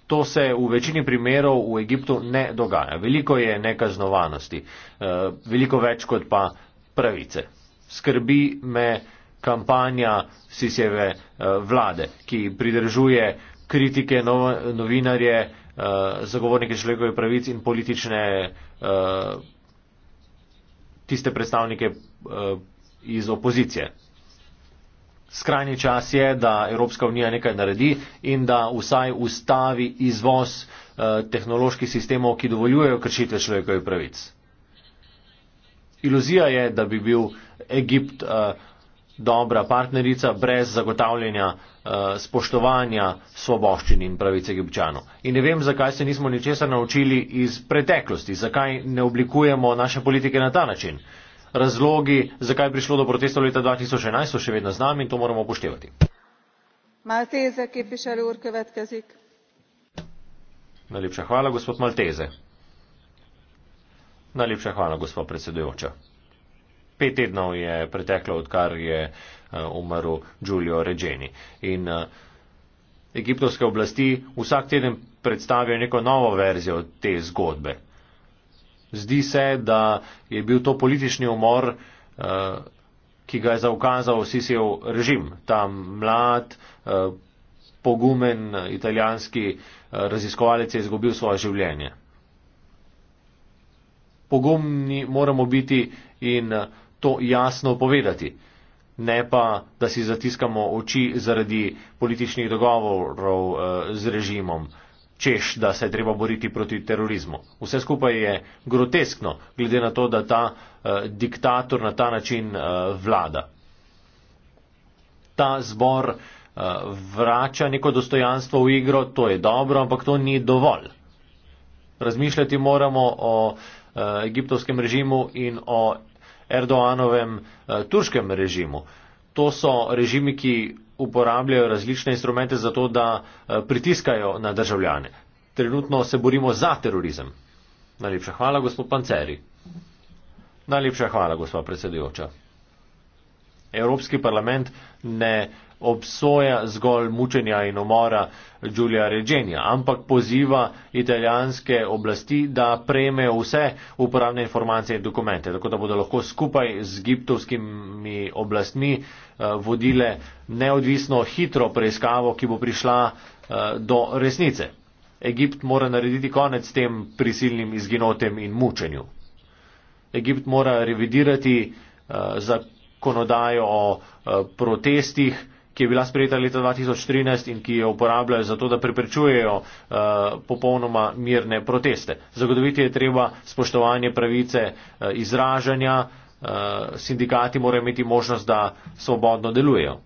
To se v večini primerov v Egiptu ne dogaja. Veliko je nekaznovanosti, eh, veliko več kot pa pravice. Skrbi me, kampanja Sisijeve eh, vlade, ki pridržuje kritike no-, novinarje, eh, zagovornike človekovih pravic in politične eh, tiste predstavnike iz opozicije. Skrajni čas je, da Evropska unija nekaj naredi in da vsaj ustavi izvoz tehnoloških sistemov, ki dovoljujejo kršitve človekovih pravic. Iluzija je, da bi bil Egipt uh, dobra partnerica brez zagotavljanja uh, spoštovanja svoboščin in pravice gibčanov. In ne vem, zakaj se nismo ničesar naučili iz preteklosti, zakaj ne oblikujemo naše politike na ta način. Razlogi, zakaj je prišlo do protestov leta 2011, so še vedno z nami in to moramo upoštevati. Malteze, ki piše Lurke Vetkezik. Najlepša hvala, gospod Malteze. Najlepša hvala, gospod predsedujoča pet tednov je preteklo, odkar je eh, umrl Giulio Regeni. In eh, egiptovske oblasti vsak teden predstavijo neko novo verzijo te zgodbe. Zdi se, da je bil to politični umor, eh, ki ga je zaukazal Sisijev režim, ta mlad, pogumen italijanski raziskovalec je izgubil svoje življenje. Pogumni moramo biti in to jasno povedati. Ne pa, da si zatiskamo oči zaradi političnih dogovorov eh, z režimom, češ, da se je treba boriti proti terorizmu. Vse skupaj je groteskno, glede na to, da ta eh, diktator na ta način eh, vlada. Ta zbor eh, vrača neko dostojanstvo v igro, to je dobro, ampak to ni dovolj. Razmišljati moramo o eh, egiptovskem režimu in o Erdoanovem eh, turškem režimu. To so režimi, ki uporabljajo različne instrumente za to, da eh, pritiskajo na državljane. Trenutno se borimo za terorizem. Najlepša hvala, gospod Panceri. Najlepša hvala, gospod predsedujoča. Evropski parlament ne obsoja zgolj mučenja in umora Giulia Regenija, ampak poziva italijanske oblasti, da prejmejo vse uporabne informacije in dokumente, tako da bodo lahko skupaj z egiptovskimi oblastmi eh, vodile neodvisno hitro preiskavo, ki bo prišla eh, do resnice. Egipt mora narediti konec tem prisilnim izginotem in mučenju. Egipt mora revidirati eh, zakonodajo o protestih, ki je bila sprejeta leta 2013 in ki jo uporabljajo za to, da preprečujejo uh, popolnoma mirne proteste. Zagotoviti je treba spoštovanje pravice uh, izražanja, uh, sindikati morajo imeti možnost, da svobodno delujejo.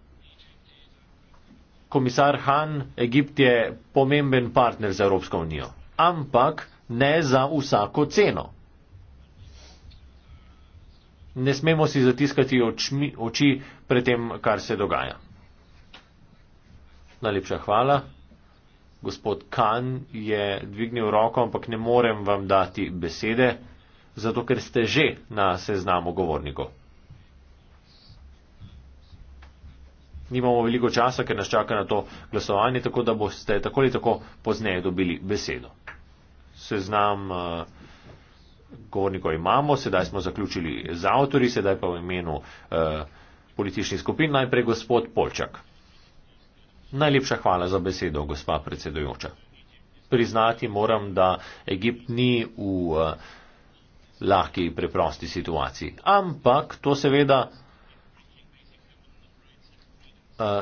Komisar Han, Egipt je pomemben partner za Evropsko unijo, ampak ne za vsako ceno. Ne smemo si zatiskati oči pred tem, kar se dogaja. Najlepša hvala. Gospod Kan je dvignil roko, ampak ne morem vam dati besede, zato ker ste že na seznamu govornikov. Nimamo veliko časa, ker nas čaka na to glasovanje, tako da boste tako ali tako pozneje dobili besedo. Seznam uh, govornikov imamo, sedaj smo zaključili z avtori, sedaj pa v imenu uh, političnih skupin najprej gospod Polčak. Najlepša hvala za besedo, gospa predsedujoča. Priznati moram, da Egipt ni v eh, lahki, preprosti situaciji. Ampak to seveda eh,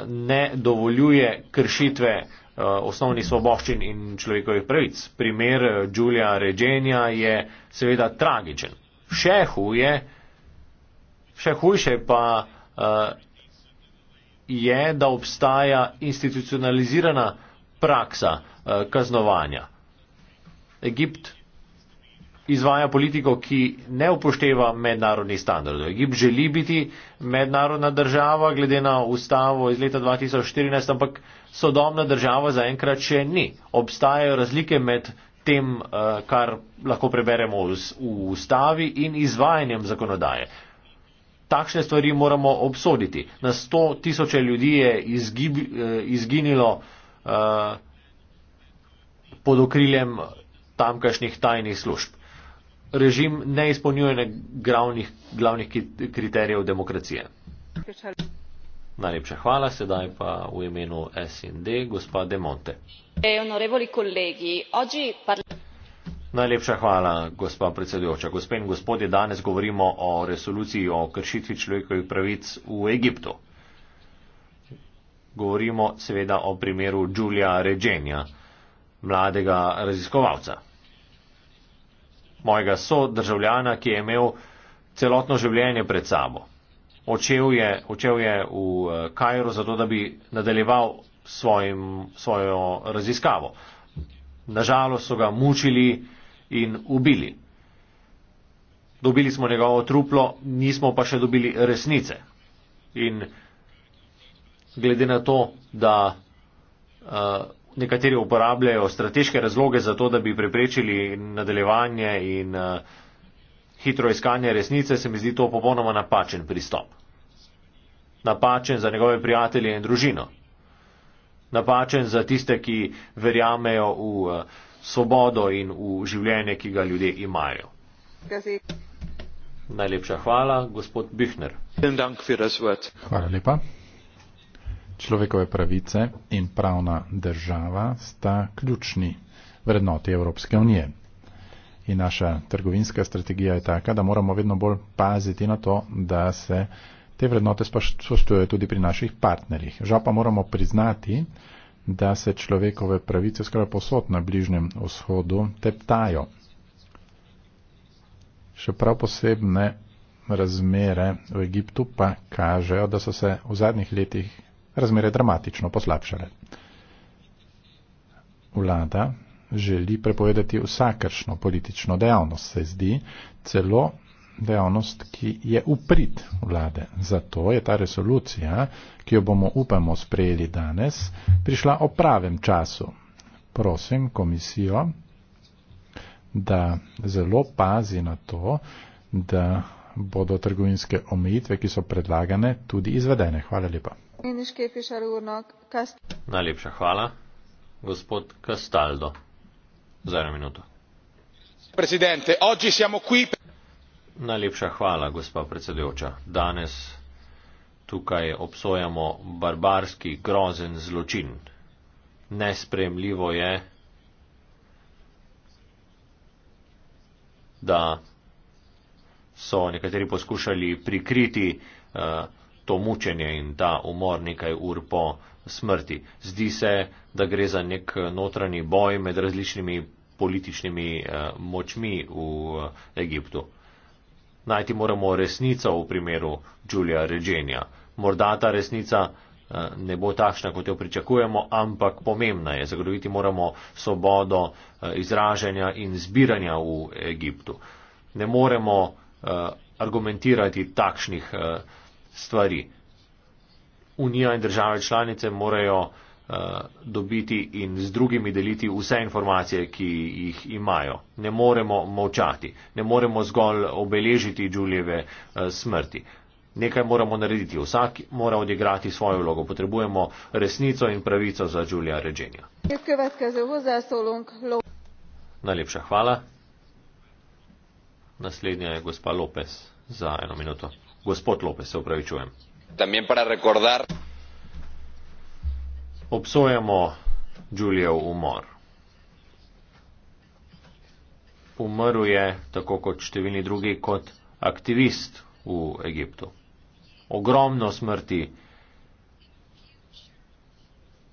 ne dovoljuje kršitve eh, osnovnih svoboščin in človekovih pravic. Primer Đulija Ređenja je seveda tragičen. Še huje, še hujše pa je, da obstaja institucionalizirana praksa eh, kaznovanja. Egipt izvaja politiko, ki ne upošteva mednarodnih standardov. Egipt želi biti mednarodna država, glede na ustavo iz leta 2014, ampak sodobna država zaenkrat še ni. Obstajajo razlike med tem, eh, kar lahko preberemo v ustavi in izvajanjem zakonodaje. Takšne stvari moramo obsoditi. Na sto tisoče ljudi je izgib, eh, izginilo eh, pod okriljem tamkajšnjih tajnih služb. Režim ne izpolnjuje glavnih, glavnih kriterijev demokracije. Najlepša hvala, sedaj pa v imenu SND gospa Demonte. Eh, Najlepša hvala, gospa predsedujoča. Gospe in gospodje, danes govorimo o resoluciji o kršitvi človekovih pravic v Egiptu. Govorimo seveda o primeru Đulija Ređenja, mladega raziskovalca. Mojega sodržavljana, ki je imel celotno življenje pred sabo. Očel je, očel je v eh, Kajru zato, da bi nadaljeval svojim, svojo raziskavo. Nažalost so ga mučili, in ubili. Dobili smo njegovo truplo, nismo pa še dobili resnice. In glede na to, da uh, nekateri uporabljajo strateške razloge za to, da bi preprečili nadaljevanje in uh, hitro iskanje resnice, se mi zdi to popolnoma napačen pristop. Napačen za njegove prijatelje in družino. Napačen za tiste, ki verjamejo v. Uh, svobodo in v življenje, ki ga ljudje imajo. Gazi. Najlepša hvala, gospod Bihner. Hvala lepa. Človekove pravice in pravna država sta ključni vrednoti Evropske unije. In naša trgovinska strategija je taka, da moramo vedno bolj paziti na to, da se te vrednote spoštujejo tudi pri naših partnerjih. Žal pa moramo priznati, da se človekove pravice skoraj posod na Bližnjem vzhodu teptajo. Še prav posebne razmere v Egiptu pa kažejo, da so se v zadnjih letih razmere dramatično poslabšale. Vlada želi prepovedati vsakršno politično dejavnost, se zdi, celo dejavnost, ki je uprit vlade. Zato je ta resolucija, ki jo bomo upamo sprejeli danes, prišla o pravem času. Prosim komisijo, da zelo pazi na to, da bodo trgovinske omejitve, ki so predlagane, tudi izvedene. Hvala lepa. Najlepša hvala. Gospod Castaldo. Za eno minuto. Najlepša hvala, gospa predsedujoča. Danes tukaj obsojamo barbarski grozen zločin. Nespremljivo je, da so nekateri poskušali prikriti uh, to mučenje in ta umor nekaj ur po smrti. Zdi se, da gre za nek eh, notranji boj med različnimi političnimi uh, močmi v uh, Egiptu. Najti moramo resnico v primeru Julija Regenja. Morda ta resnica eh, ne bo takšna, kot jo pričakujemo, ampak pomembna je. Zagotoviti moramo svobodo eh, izražanja in zbiranja v Egiptu. Ne moremo eh, argumentirati takšnih stvari. Unija in države članice morajo Eh, dobiti in z drugimi deliti vse informacije, ki jih imajo. Ne moremo molčati, ne moremo zgolj obeležiti Đuljeve eh, smrti. Nekaj moramo narediti, vsak mora odigrati svojo vlogo. Potrebujemo resnico in pravico za Đulja Ređenja. Najlepša hvala. Naslednja je gospa Lopes za eno minuto. Gospod Lopes, se upravičujem. También para recordar obsojamo Đulijev umor. Umrl je, tako kot številni drugi, kot aktivist v Egiptu. Ogromno smrti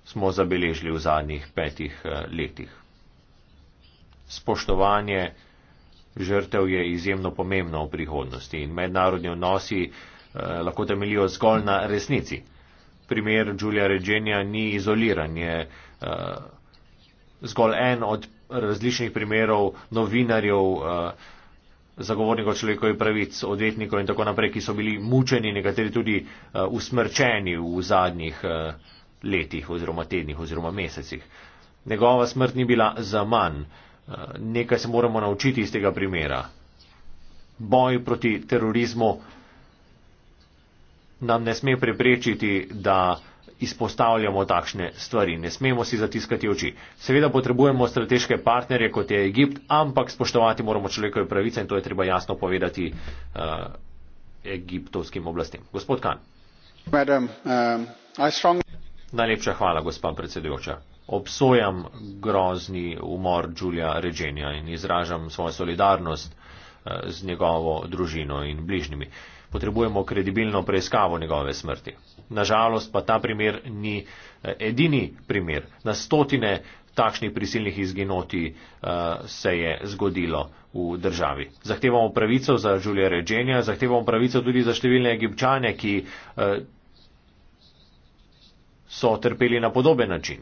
smo zabeležili v zadnjih petih eh, letih. Spoštovanje žrtev je izjemno pomembno v prihodnosti in mednarodni odnosi eh, lahko temeljijo zgolj na resnici primer Đulija Ređenja ni izoliran, je uh, eh, zgolj en od različnih primerov novinarjev, uh, zagovornikov človekovih pravic, odvetnikov in tako naprej, ki so bili mučeni, nekateri tudi uh, usmrčeni v zadnjih uh, letih oziroma tednih oziroma mesecih. Njegova smrt ni bila za manj. Uh, nekaj se moramo naučiti iz tega primera. Boj proti terorizmu nam ne sme preprečiti, da izpostavljamo takšne stvari. Ne smemo si zatiskati oči. Seveda potrebujemo strateške partnerje, kot je Egipt, ampak spoštovati moramo človekove pravice in to je treba jasno povedati uh, egiptovskim oblastem. Gospod Khan. Madam, um, eh, strong... Najlepša hvala, gospod predsedujoča. Obsojam grozni umor Đulja Reženja in izražam svojo solidarnost uh, z njegovo družino in bližnjimi. Uh, potrebujemo kredibilno preiskavo njegove smrti. Nažalost pa ta primer ni eh, edini primer. Na stotine takšnih prisilnih izginoti uh, eh, se je zgodilo v državi. Zahtevamo pravico za Žulija Reženja, zahtevamo pravico tudi za številne egipčane, ki uh, so trpeli na podoben način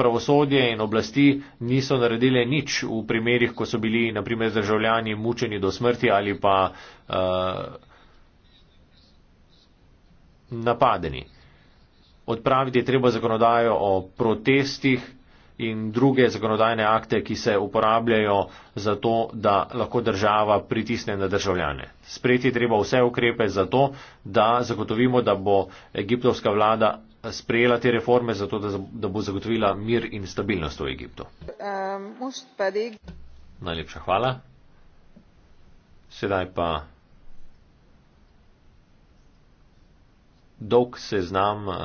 pravosodje in oblasti niso naredile nič v primerih, ko so bili naprimer državljani mučeni do smrti ali pa uh, napadeni. Odpraviti je treba zakonodajo o protestih in druge zakonodajne akte, ki se uporabljajo za to, da lahko država pritisne na državljane. Spreti treba vse ukrepe za to, da zagotovimo, da bo egiptovska vlada sprejela te reforme zato, da, da bo zagotovila mir in stabilnost v Egiptu. Um, Najlepša hvala. Sedaj pa dolg seznam uh,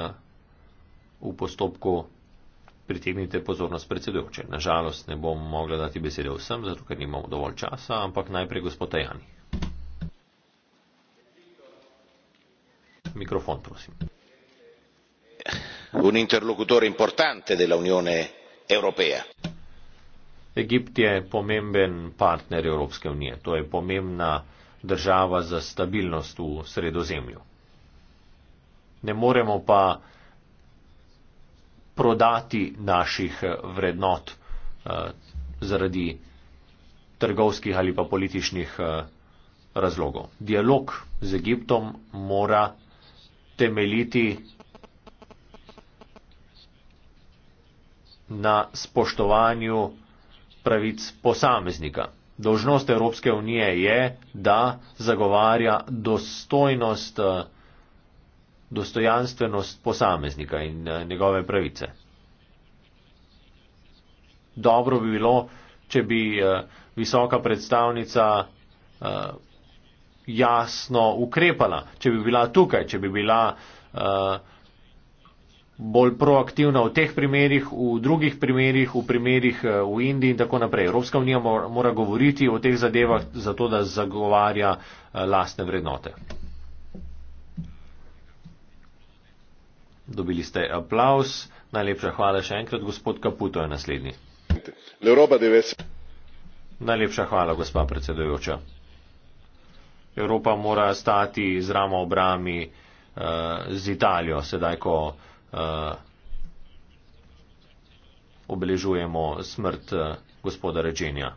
v postopku pritegnite pozornost predsedujoče. Nažalost ne bom mogla dati besede vsem, zato ker nimamo dovolj časa, ampak najprej gospod Tajani. Mikrofon, prosim un interlocutore importante dell'Unione europea. Egipt je pomemben partner Evropske unije, to je pomembna država za stabilnost v sredozemlju. Ne moremo pa prodati naših vrednot eh, zaradi trgovskih ali pa političnih eh, razlogov. Dialog z Egiptom mora temeljiti na spoštovanju pravic posameznika. Dožnost Evropske unije je, da zagovarja dostojnost, eh, dostojanstvenost posameznika in eh, njegove pravice. Dobro bi bilo, če bi eh, visoka predstavnica jasno ukrepala, če bi bila tukaj, če bi bila bolj proaktivna v teh primerjih, v drugih primerjih, v primerjih eh, v Indiji in tako naprej. Evropska unija mora govoriti o teh zadevah zato, da zagovarja eh, lastne vrednote. Dobili ste aplaus. Najlepša hvala še enkrat. Gospod Kaputo je naslednji. Najlepša hvala, gospa predsedujoča. Evropa mora stati z ramo obrami eh, z Italijo, sedaj ko. Eh, obeležujemo smrt eh, gospoda Rečenja.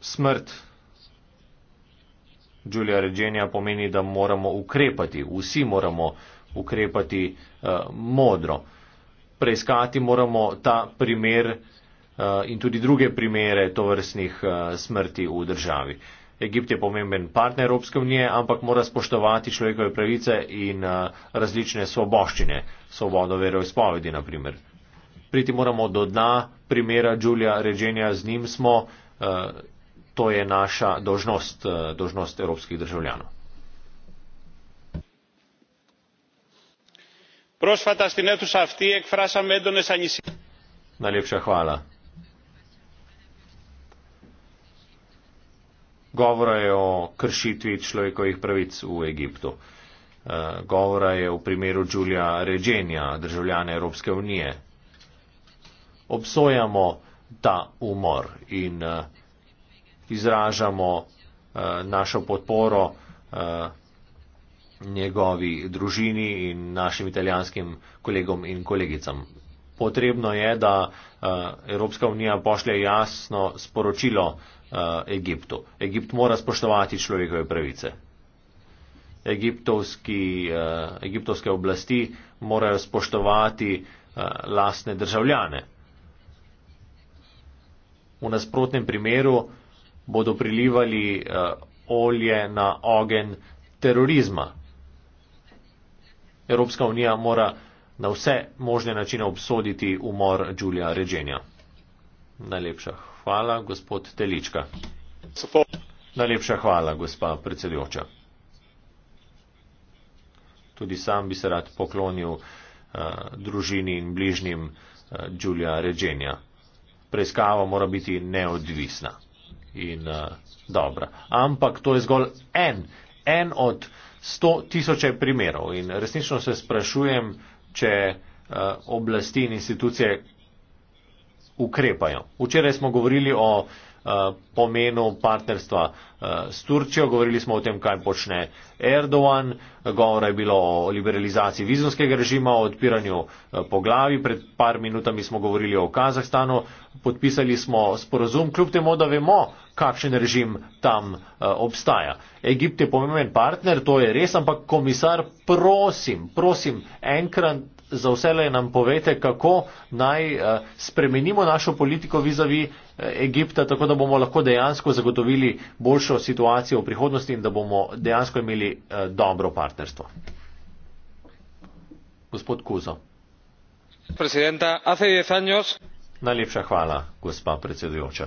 Smrt Julija Rečenja pomeni, da moramo ukrepati, vsi moramo ukrepati uh, modro. Preiskati moramo ta primer uh, in tudi druge primere tovrstnih uh, smrti v državi. Uh, Egipt je pomemben partner Evropske unije, ampak mora spoštovati človekove pravice in eh, različne svoboščine, svobodo veroizpovedi naprimer. Priti moramo do dna primera Đulja Ređenja, z njim smo, eh, to je naša dožnost, eh, dožnost evropskih državljanov. Najlepša hvala. Govora je o kršitvi človekovih pravic v Egiptu. Eh, govora je o primeru Đulja Ređenja, državljana Evropske unije. Obsojamo ta umor in eh, izražamo eh, našo podporo njegovi družini in našim italijanskim kolegom in kolegicam. Potrebno je, da Evropska unija pošlje jasno sporočilo, uh, Egiptu. Egipt mora spoštovati človekove pravice. Egiptovski, uh, egiptovske oblasti morajo spoštovati uh, lastne državljane. V nasprotnem primeru bodo prilivali uh, olje na ogen terorizma. Evropska unija mora na vse možne načine obsoditi umor Đulija Ređenja. Najlepša hvala, gospod Telička. Najlepša hvala, gospa predsedujoča. Tudi sam bi se rad poklonil uh, družini in bližnjim Đulja eh, uh, Ređenja. Preiskava mora biti neodvisna in uh, dobra. Ampak to je zgolj en, en od sto tisoče primerov in resnično se sprašujem, če uh, oblasti in institucije ukrepajo. Včeraj smo govorili o eh, pomenu partnerstva eh, s Turčijo, govorili smo o tem, kaj počne Erdogan, govora je bilo o liberalizaciji vizumskega režima, o odpiranju eh, poglavi, pred par minutami smo govorili o Kazahstanu, podpisali smo sporozum, kljub temu, da vemo, kakšen režim tam obstaja. Egipt je pomemben partner, to je res, ampak komisar, prosim, prosim, enkrat za vselej nam povete, kako naj eh, spremenimo našo politiko vizavi eh, Egipta, tako da bomo lahko dejansko zagotovili boljšo situacijo v prihodnosti in da bomo dejansko imeli eh, dobro partnerstvo. Gospod Kuzo. Presidenta, hace 10 años. Najlepša hvala, gospa predsedujoča.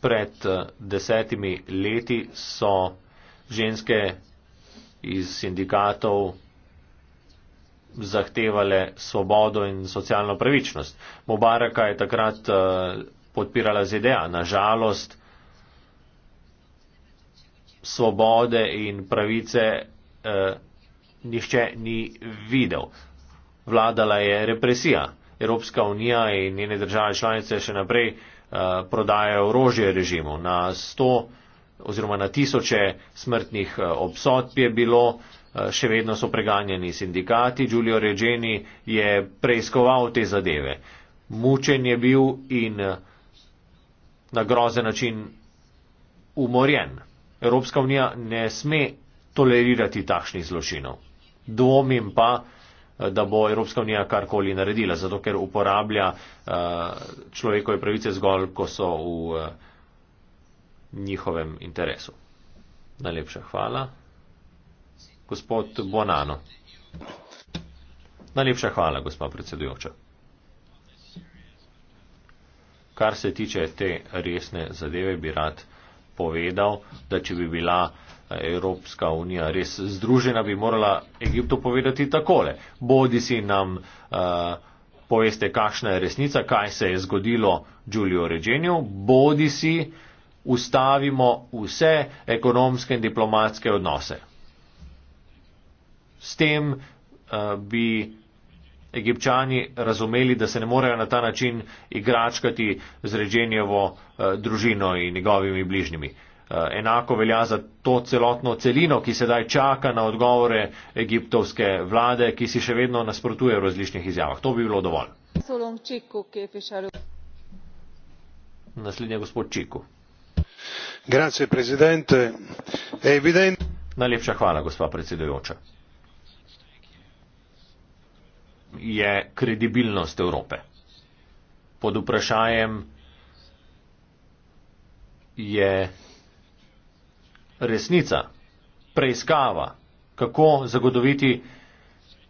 Pred desetimi leti so ženske iz sindikatov zahtevale svobodo in socialno pravičnost. Mubaraka je takrat eh, podpirala ZDA. Nažalost, svobode in pravice eh, nišče ni videl. Vladala je represija. Evropska unija in njene države članice še naprej eh, prodajajo orožje režimu. Na 100 oziroma na tisoče smrtnih eh, obsodb je bilo, eh, še vedno so preganjeni sindikati. Giulio Regeni je preiskoval te zadeve. Mučen je bil in eh, na grozen način umorjen. Evropska unija ne sme tolerirati takšnih zločinov. Dvomim pa, da bo Evropska unija karkoli naredila, zato ker uporablja človekove pravice zgolj, ko so v njihovem interesu. Najlepša hvala. Gospod Bonano. Najlepša hvala, gospa predsedujoča. Kar se tiče te resne zadeve, bi rad povedal, da če bi bila Evropska unija res združena, bi morala Egiptu povedati takole. Bodi si nam uh, poveste, kakšna je resnica, kaj se je zgodilo Giulio Regenio, bodi si uh, ustavimo vse ekonomske in diplomatske odnose. S tem uh, bi egipčani razumeli, da se ne morejo na ta način igračkati z Reženjevo uh, eh, družino in njegovimi bližnjimi. Eh, enako velja za to celotno celino, ki sedaj čaka na odgovore egiptovske vlade, ki si še vedno nasprotuje v različnih izjavah. To bi bilo dovolj. Naslednji je gospod Čiku najlepša hvala gospa predsedujoča je kredibilnost evrope pod vprašajem je resnica preiskava kako zagotoviti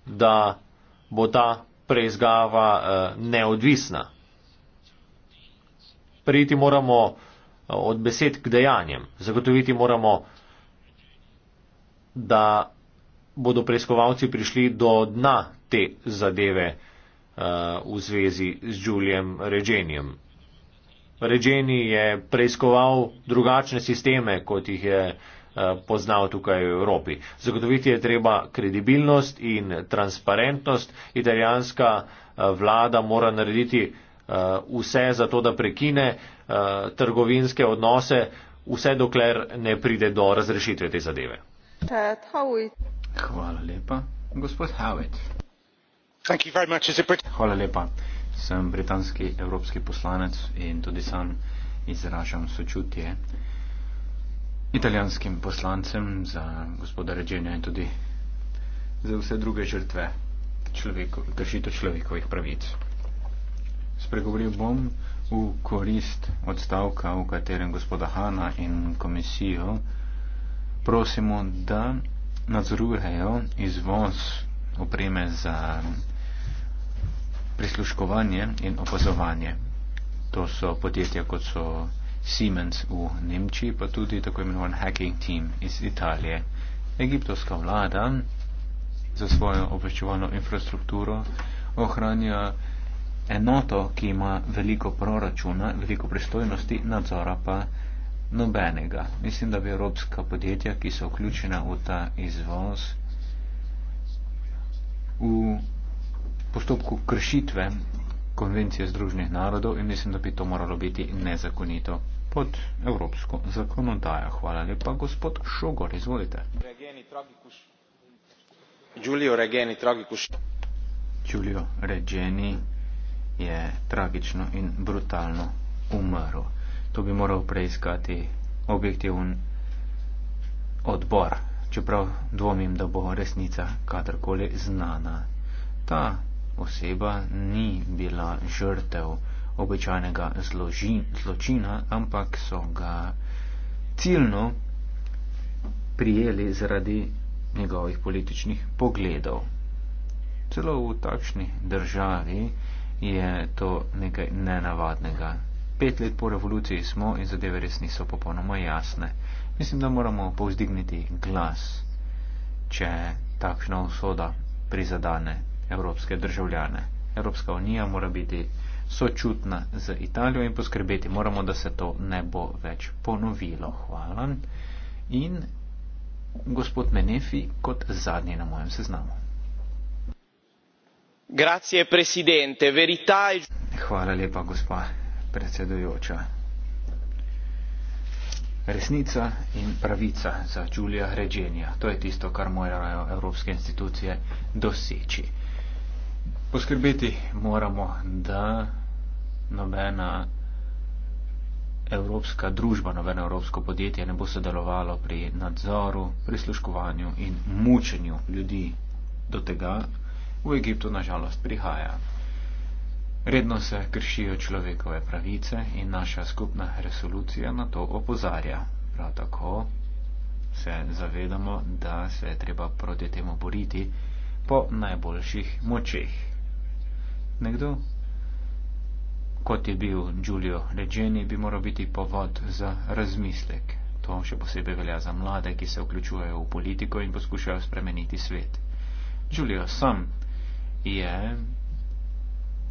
da bo ta preiskava eh, neodvisna priti moramo od besed k dejanjem. Zagotoviti moramo, da bodo preiskovalci prišli do dna te zadeve eh, v zvezi z Julijem Reženjem. Reženji je preiskoval drugačne sisteme, kot jih je eh, poznal tukaj v Evropi. Zagotoviti je treba kredibilnost in transparentnost. Italijanska eh, vlada mora narediti vse za to, da prekine Eh, trgovinske odnose, vse dokler ne pride do razrešitve te zadeve. Hvala lepa. Gospod Havet. Hvala lepa. Sem britanski evropski poslanec in tudi sam izražam sočutje italijanskim poslancem za gospoda Reženja in tudi za vse druge žrtve kršitev človekovih pravic. Spregovoril bom v korist odstavka, v katerem gospoda Hana in komisijo prosimo, da nadzorujejo izvoz opreme za prisluškovanje in opazovanje. To so podjetja, kot so Siemens v Nemčiji, pa tudi tako imenovan hacking team iz Italije. Egiptovska vlada za svojo obveščevalno infrastrukturo ohranja enoto, ki ima veliko proračuna, veliko pristojnosti, nadzora pa nobenega. Mislim, da bi evropska podjetja, ki so vključena v ta izvoz, v postopku kršitve konvencije Združenih narodov in mislim, da bi to moralo biti nezakonito pod evropsko zakonodajo. Hvala lepa, gospod Šogor, izvolite. Giulio Regeni, tragikuš. Giulio Regeni, tragikuš je tragično in brutalno umrl. To bi moral preiskati objektivni odbor, čeprav dvomim, da bo resnica kadarkoli znana. Ta oseba ni bila žrtev običajnega zloži, zločina, ampak so ga ciljno prijeli zaradi njegovih političnih pogledov. Celo v takšni državi, je to nekaj nenavadnega. Pet let po revoluciji smo in zadeve res niso popolnoma jasne. Mislim, da moramo povzdigniti glas, če takšna usoda prizadane evropske državljane. Evropska unija mora biti sočutna z Italijo in poskrbeti moramo, da se to ne bo več ponovilo. Hvala. In gospod Menefi kot zadnji na mojem seznamu. E hvala lepa gospa predsedujoča resnica in pravica za julija regenija to je tisto kar morajo evropske institucije doseči poskrbeti moramo da nobena evropska družba nobeno evropsko podjetje ne bo sodelovalo pri nadzoru prisluškovanju in mučenju ljudi do tega v Egiptu nažalost prihaja. Redno se kršijo človekove pravice in naša skupna resolucija na to opozarja. Prav tako se zavedamo, da se je treba proti temu boriti po najboljših močeh. Nekdo, kot je bil Giulio Regeni, bi moral biti povod za razmislek. To še posebej velja za mlade, ki se vključujejo v politiko in poskušajo spremeniti svet. Giulio sam je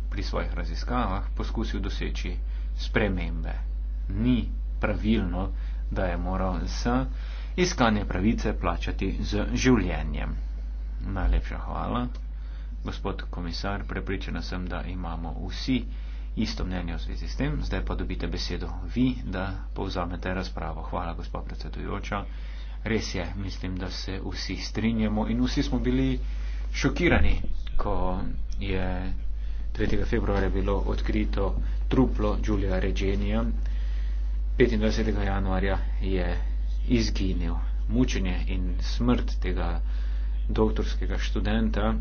pri svojih raziskavah poskusil doseči spremembe. Ni pravilno, da je moral z iskanje pravice plačati z življenjem. Najlepša hvala. Gospod komisar, prepričana sem, da imamo vsi isto mnenje v zvezi s tem. Zdaj pa dobite besedo vi, da povzamete razpravo. Hvala, gospod predsedujoča. Res je, mislim, da se vsi strinjamo in vsi smo bili šokirani ko je 3. februarja bilo odkrito truplo Giulia Regenija, 25. januarja je izginil mučenje in smrt tega doktorskega študenta.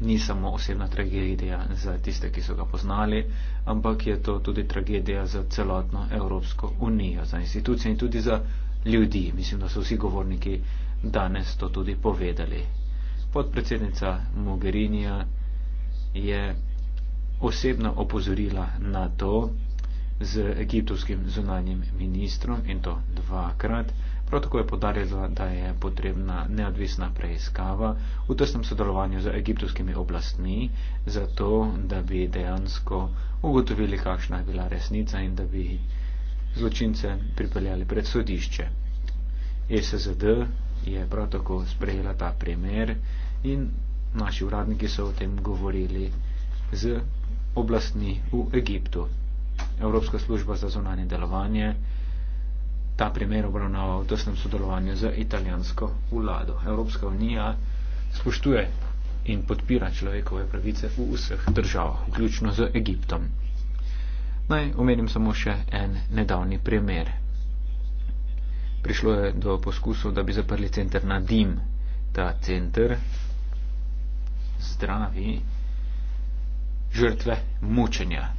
Ni samo osebna tragedija za tiste, ki so ga poznali, ampak je to tudi tragedija za celotno Evropsko unijo, za institucije in tudi za ljudi. Mislim, da so vsi govorniki danes to tudi povedali podpredsednica Mogherinija je osebno opozorila na to z egiptovskim zunanjim ministrom in to dvakrat. Prav tako je podarila, da je potrebna neodvisna preiskava v tesnem sodelovanju z egiptovskimi oblastmi, zato da bi dejansko ugotovili, kakšna je bila resnica in da bi zločince pripeljali pred sodišče. ESZD je prav tako sprejela ta primer in naši uradniki so o tem govorili z oblastni v Egiptu. Evropska služba za zunanje delovanje ta primer obravnava v tesnem sodelovanju z italijansko vlado. Evropska unija spoštuje in podpira človekove pravice v vseh državah, vključno z Egiptom. Naj omenim samo še en nedavni primer prišlo je do poskusov, da bi zaprli center na dim. Ta center zdravi žrtve mučenja.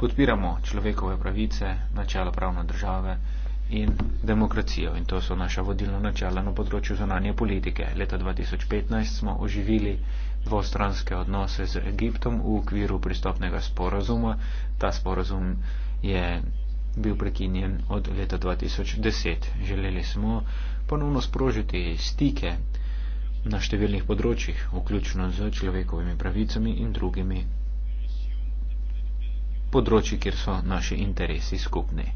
Podpiramo človekove pravice, načela pravne države in demokracijo. In to so naša vodilna načela na področju zonanje politike. Leta 2015 smo oživili dvostranske odnose z Egiptom v okviru pristopnega sporazuma. Ta sporazum je bil prekinjen od leta 2010. Želeli smo ponovno sprožiti stike na številnih področjih, vključno z človekovimi pravicami in drugimi področji, kjer so naši interesi skupni.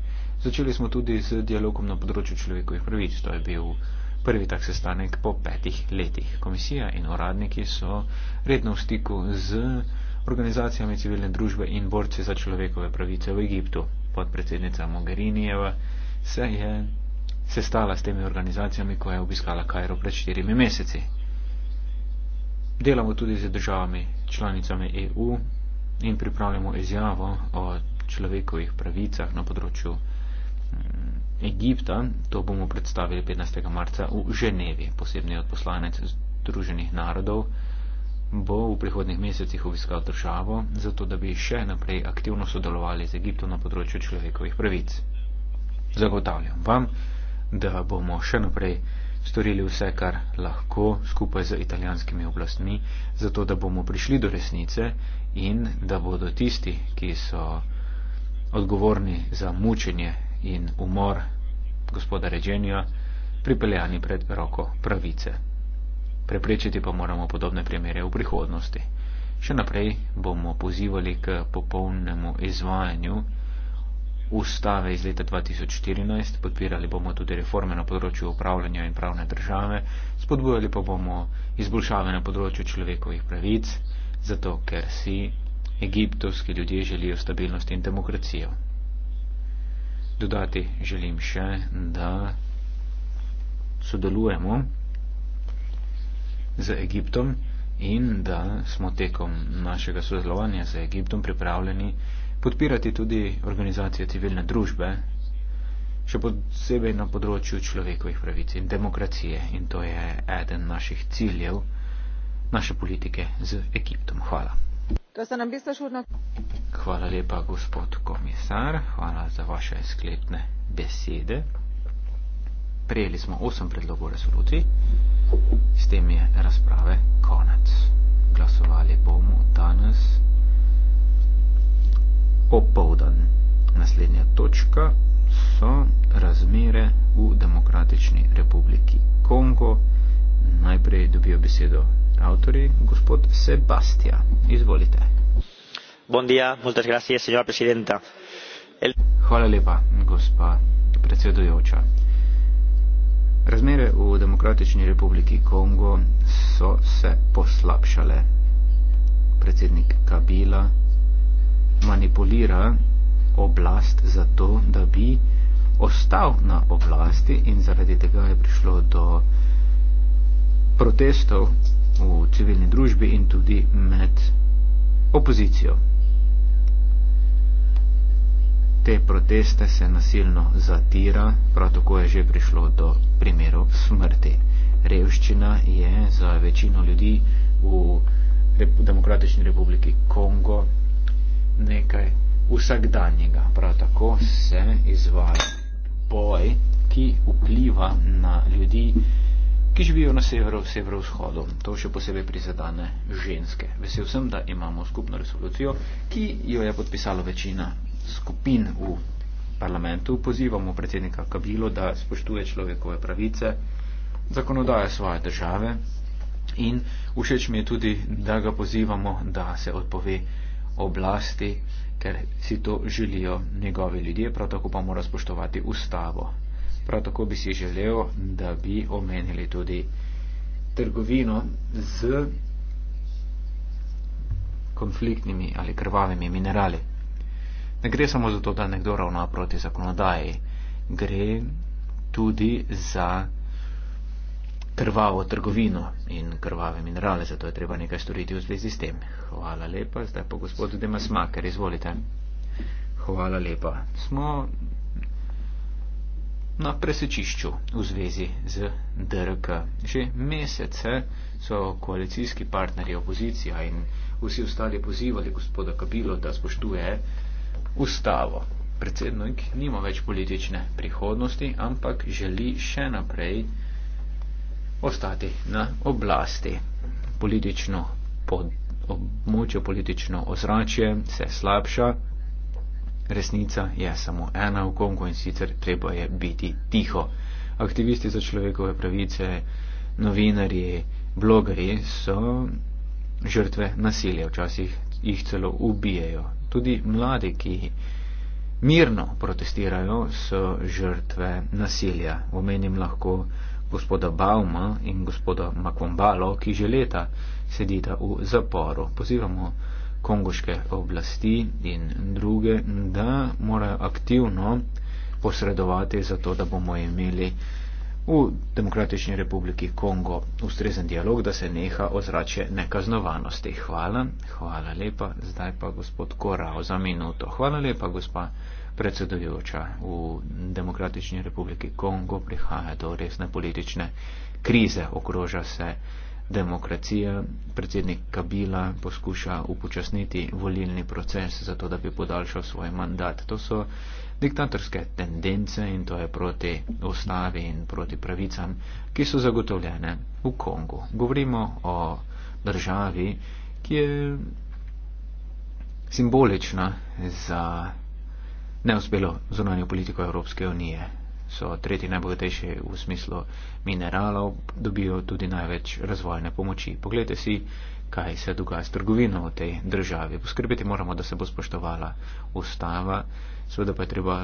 Začeli smo tudi z dialogom na področju človekovih pravic. To je bil prvi tak sestanek po petih letih. Komisija in uradniki so redno v stiku z organizacijami civilne družbe in borci za človekove pravice v Egiptu podpredsednica Mogherinijeva, se je sestala s temi organizacijami, ko je obiskala Kajro pred štirimi meseci. Delamo tudi z državami, članicami EU in pripravljamo izjavo o človekovih pravicah na področju mm, Egipta. To bomo predstavili 15. marca v Ženevi, posebni odposlanec Združenih narodov bo v prihodnih mesecih obiskal državo, zato da bi še naprej aktivno sodelovali z Egiptom na področju človekovih pravic. Zagotavljam vam, da bomo še naprej storili vse, kar lahko skupaj z italijanskimi oblastmi, zato da bomo prišli do resnice in da bodo tisti, ki so odgovorni za mučenje in umor gospoda Reženja, pripeljani pred roko pravice. Preprečiti pa moramo podobne primere v prihodnosti. Še naprej bomo pozivali k popolnemu izvajanju ustave iz leta 2014, podpirali bomo tudi reforme na področju upravljanja in pravne države, spodbujali pa bomo izboljšave na področju človekovih pravic, zato ker si egiptovski ljudje želijo stabilnost in demokracijo. Dodati želim še, da sodelujemo z Egiptom in da smo tekom našega sodelovanja z Egiptom pripravljeni podpirati tudi organizacije civilne družbe, še posebej na področju človekovih pravic in demokracije. In to je eden naših ciljev naše politike z Egiptom. Hvala. Hvala lepa, gospod komisar, hvala za vaše sklepne besede prejeli smo osem predlogov resolucij, s tem je razprave konec. Glasovali bomo danes opoldan. Naslednja točka so razmere v Demokratični republiki Kongo. Najprej dobijo besedo avtori, gospod Sebastian. Izvolite. Bon dia, muchas gracias, señora presidenta. El... Hvala lepa, gospa predsedujoča. Razmere v Demokratični republiki Kongo so se poslabšale. Predsednik Kabila manipulira oblast zato, da bi ostal na oblasti in zaradi tega je prišlo do protestov v civilni družbi in tudi med opozicijo te proteste se nasilno zatira, prav tako je že prišlo do primerov smrti. Revščina je za večino ljudi v Rep Demokratični republiki Kongo nekaj vsakdanjega. Prav tako se izvaja boj, ki vpliva na ljudi, ki živijo na severu, severovzhodu. To še posebej prizadane ženske. Vesel sem, da imamo skupno resolucijo, ki jo je podpisalo večina skupin v parlamentu, pozivamo predsednika Kabilo, da spoštuje človekove pravice, zakonodaje svoje države in všeč mi je tudi, da ga pozivamo, da se odpove oblasti, ker si to želijo njegovi ljudje, prav tako pa mora spoštovati ustavo. Prav tako bi si želel, da bi omenili tudi trgovino z konfliktnimi ali krvavimi minerali. Ne gre samo za to, da nekdo ravna proti zakonodaji, gre tudi za krvavo trgovino in krvave minerale, zato je treba nekaj storiti v zvezi s tem. Hvala lepa, zdaj pa gospod Demasmaker, izvolite. Hvala lepa. Smo na presečišču v zvezi z DRK. Že mesece so koalicijski partnerji opozicija in vsi ostali pozivali gospoda Kabilo, da spoštuje ustavo. Predsednik nima več politične prihodnosti, ampak želi še naprej ostati na oblasti. Politično območje, politično ozračje se slabša. Resnica je samo ena v Kongu in sicer treba je biti tiho. Aktivisti za človekove pravice, novinarji, blogeri so žrtve nasilja, včasih jih celo ubijejo tudi mladi, ki mirno protestirajo, so žrtve nasilja. Omenim lahko gospoda Bauma in gospoda Makombalo, ki že leta sedita v zaporu. Pozivamo kongoške oblasti in druge, da morajo aktivno posredovati za to, da bomo imeli v Demokratični republiki Kongo ustrezen dialog, da se neha ozračje nekaznovanosti. Hvala, hvala lepa, zdaj pa gospod Korao za minuto. Hvala lepa, gospa predsedujoča. V Demokratični republiki Kongo prihaja do resne politične krize, okroža se demokracija, predsednik Kabila poskuša upočasniti volilni proces, zato da bi podaljšal svoj mandat. To so diktatorske tendence in to je proti ustavi in proti pravicam, ki so zagotovljene v Kongu. Govorimo o državi, ki je simbolična za neuspelo zunanjo politiko Evropske unije. So tretji najbogatejši v smislu mineralov, dobijo tudi največ razvojne pomoči. Poglejte si, kaj se dogaja s trgovino v tej državi. Poskrbeti moramo, da se bo spoštovala ustava, seveda pa je treba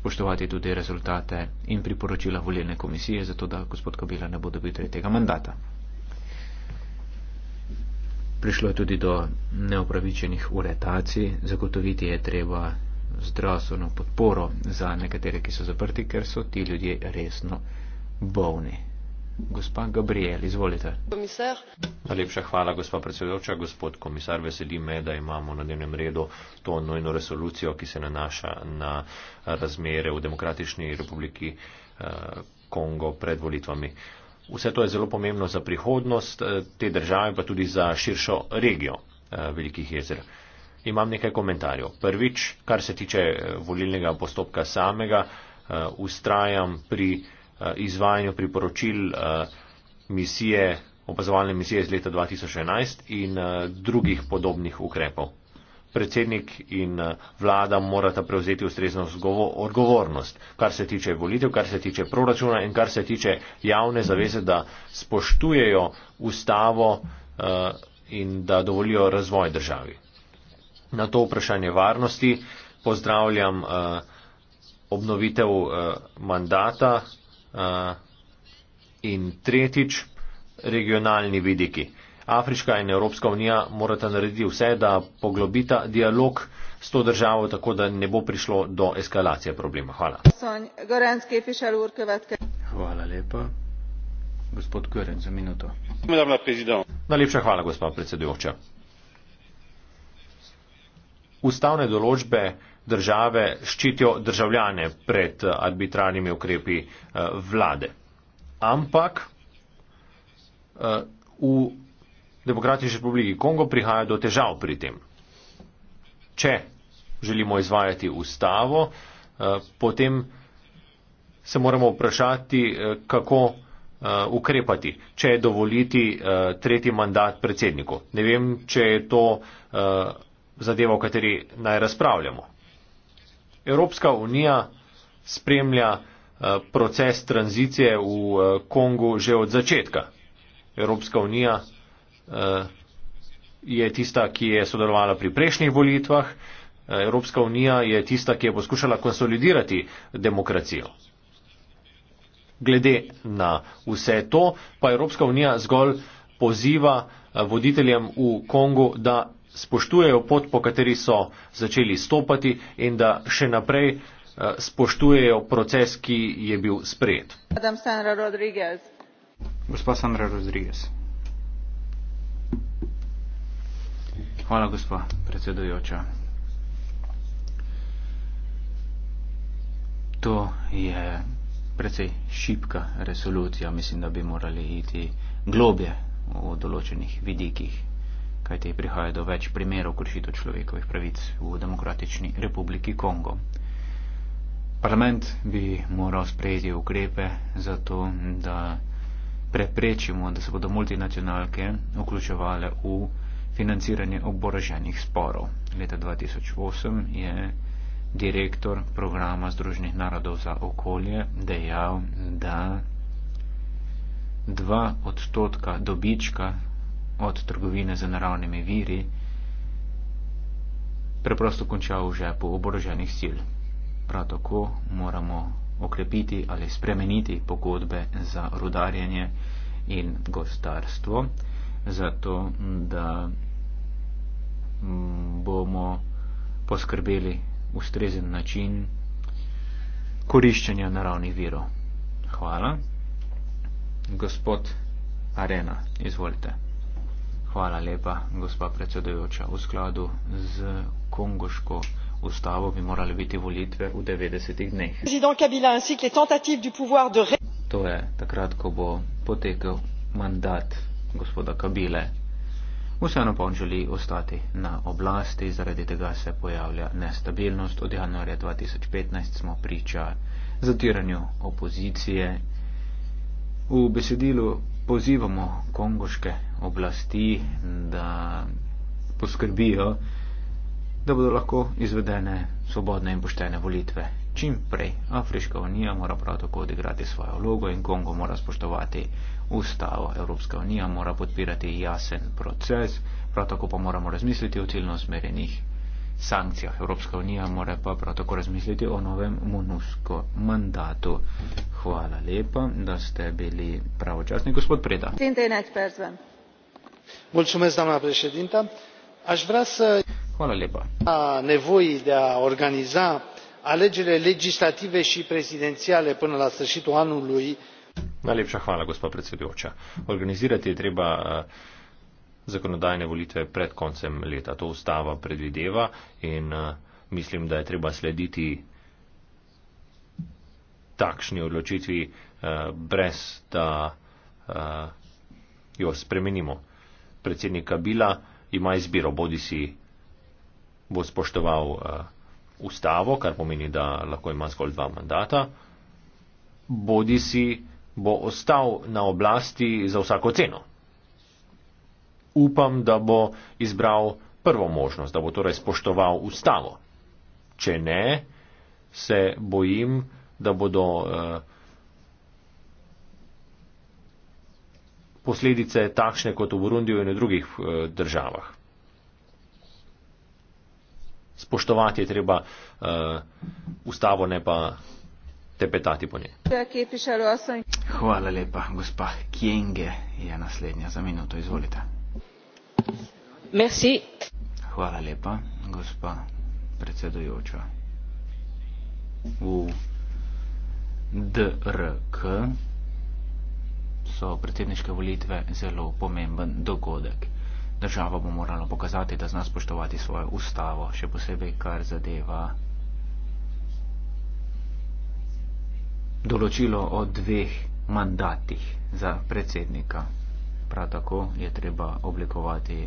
spoštovati tudi rezultate in priporočila volilne komisije, zato da gospod Kabila ne bo dobil tretjega mandata. Prišlo je tudi do neopravičenih uretacij, zagotoviti je treba zdravstveno podporo za nekatere, ki so zaprti, ker so ti ljudje resno bolni. Gospa Gabriel, izvolite. Komisar. Najlepša hvala, gospa predsedovča. Gospod komisar, veseli me, da imamo na dnevnem redu to nojno resolucijo, ki se nanaša na razmere v Demokratični republiki eh, Kongo pred volitvami. Vse to je zelo pomembno za prihodnost eh, te države, pa tudi za širšo regijo eh, Velikih jezer. Imam nekaj komentarjev. Prvič, kar se tiče volilnega postopka samega, ustrajam pri Eh, izvajanju priporočil eh, misije, opazovalne misije iz leta 2011 in eh, drugih podobnih ukrepov. Predsednik in vlada morata prevzeti ustrezno odgovornost, kar se tiče volitev, kar se tiče proračuna in kar se tiče javne zaveze, da spoštujejo ustavo in da dovolijo razvoj državi. Na to vprašanje varnosti pozdravljam obnovitev mandata Uh, in tretjič, regionalni vidiki. Afrika in Evropska unija morata narediti vse, da poglobita dialog s to državo, tako da ne bo prišlo do eskalacije problema. Hvala. Hvala lepa. Gospod Kören, za minuto. Najlepša hvala, gospod predsedujoča. Ustavne določbe države ščitijo državljane pred arbitrarnimi ukrepi eh, vlade. Ampak eh, v Demokratični republiki Kongo prihaja do težav pri tem. Če želimo izvajati ustavo, eh, potem se moramo vprašati, kako ukrepati, če je dovoliti tretji mandat predsedniku. Ne vem, če je to zadeva, o kateri naj razpravljamo. Evropska unija spremlja eh, proces tranzicije v eh, Kongu že od začetka. Evropska unija eh, je tista, ki je sodelovala pri prejšnjih volitvah. Evropska unija je tista, ki je poskušala konsolidirati demokracijo. Glede na vse to, pa Evropska unija zgolj poziva voditeljem v Kongu, da spoštujejo pot, po kateri so začeli stopati in da še naprej eh, spoštujejo proces, ki je bil sprejet. Sandra gospa Sandra Rodriguez. Hvala, gospa predsedujoča. To je precej šipka resolucija. Mislim, da bi morali iti globje v določenih vidikih kajte prihaja do več primerov kršitev človekovih pravic v Demokratični republiki Kongo. Parlament bi moral sprejeti ukrepe za to, da preprečimo, da se bodo multinacionalke vključevale v financiranje oboroženih sporov. Leta 2008 je direktor programa Združenih narodov za okolje dejal, da 2 odstotka dobička od trgovine z naravnimi viri, preprosto končal v žepu oboroženih sil. Prav tako moramo okrepiti ali spremeniti pogodbe za rudarjenje in gostarstvo, zato da bomo poskrbeli ustrezen način koriščenja naravnih virov. Hvala. Gospod Arena, izvolite. Hvala lepa, gospa predsedujoča. V skladu z kongoško ustavo bi morali biti volitve v 90 dneh. To je takrat, ko bo potekel mandat gospoda Kabile. Vseeno pa on želi ostati na oblasti, zaradi tega se pojavlja nestabilnost. Od januarja 2015 smo priča zatiranju opozicije. V besedilu pozivamo kongoške oblasti, da poskrbijo, da bodo lahko izvedene svobodne in poštene volitve. Čim prej Afriška unija mora prav tako odigrati svojo vlogo in Kongo mora spoštovati ustavo. Evropska unija mora podpirati jasen proces, prav tako pa moramo razmisliti o ciljno usmerjenih sankcijah. Evropska unija mora pa prav tako razmisliti o novem monusko mandatu. Hvala lepa, da ste bili pravočasni, gospod Preda doamnă președintă aș vrea să insist asupra nevoii de a organiza alegerile legislative și prezidențiale până la sfârșitul anului. Najlepša hvala, gospod predsedujoča. Organizirati je treba eh, zakonodajne volitve pred koncem leta. To ustava predvideva in eh, mislim, da je treba slediti takšni odločitvi eh, brez, da jo spremenimo predsednika Bila ima izbiro, bodi si bo spoštoval uh, ustavo, kar pomeni, da lahko ima zgolj dva mandata, bodi si bo ostal na oblasti za vsako ceno. Upam, da bo izbral prvo možnost, da bo torej spoštoval ustavo. Če ne, se bojim, da bodo. Uh, posledice takšne kot v Burundiju in v drugih eh, državah. Spoštovati je treba uh, ustavo, ne pa tepetati po njej. Hvala lepa, gospa Kienge je naslednja za minuto. Izvolite. Merci. Hvala lepa, gospa predsedujoča. U DRK so predsedniške volitve zelo pomemben dogodek. Država bo morala pokazati, da zna spoštovati svojo ustavo, še posebej kar zadeva določilo o dveh mandatih za predsednika. Prav tako je treba oblikovati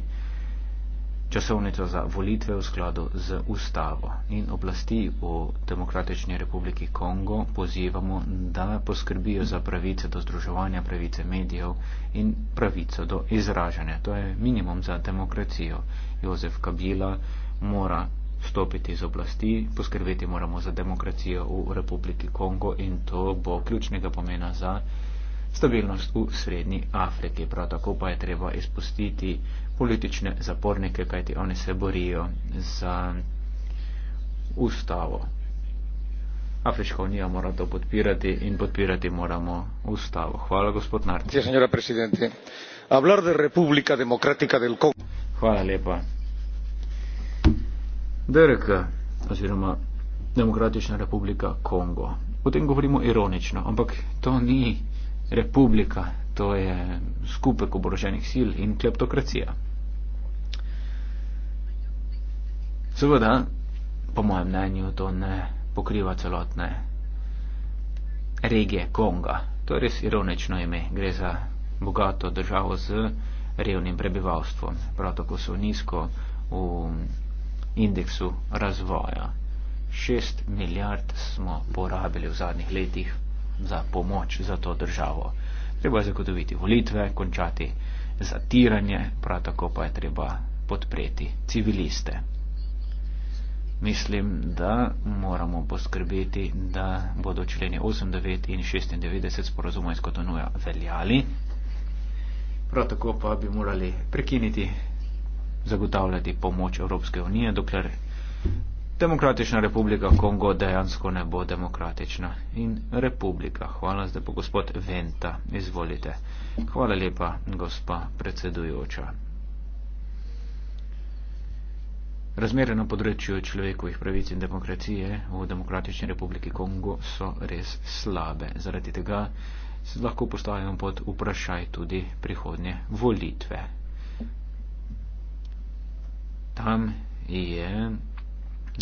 časovnico za volitve v skladu z ustavo in oblasti v Demokratični republiki Kongo pozivamo, da poskrbijo za pravice do združevanja, pravice medijev in pravico do izražanja. To je minimum za demokracijo. Jozef Kabila mora stopiti z oblasti, poskrbeti moramo za demokracijo v Republiki Kongo in to bo ključnega pomena za stabilnost v Srednji Afriki. Prav tako pa je treba izpustiti politične zapornike, kajti oni se borijo za ustavo. Afriška unija mora to podpirati in podpirati moramo ustavo. Hvala, gospod Nart. Hvala lepa. DRK oziroma Demokratična republika Kongo. O tem govorimo ironično, ampak to ni republika, to je skupek oboroženih sil in kleptokracija. Seveda, po mojem mnenju, to ne pokriva celotne regije Konga. To je res ironično ime. Gre za bogato državo z revnim prebivalstvom. Prav tako so nizko v indeksu razvoja. 6 milijard smo porabili v zadnjih letih za pomoč za to državo. Treba je zagotoviti volitve, končati zatiranje, prav tako pa je treba podpreti civiliste. Mislim, da moramo poskrbeti, da bodo členi 8, 9 in 96 sporozuma iz Kotonuja veljali. Prav tako pa bi morali prekiniti zagotavljati pomoč Evropske unije, dokler Demokratična republika Kongo dejansko ne bo demokratična. In republika, hvala zdaj po gospod Venta, izvolite. Hvala lepa, gospa predsedujoča. Razmere na področju človekovih pravic in demokracije v Demokratični republiki Kongo so res slabe. Zaradi tega se lahko postavljamo pod vprašaj tudi prihodnje volitve. Tam je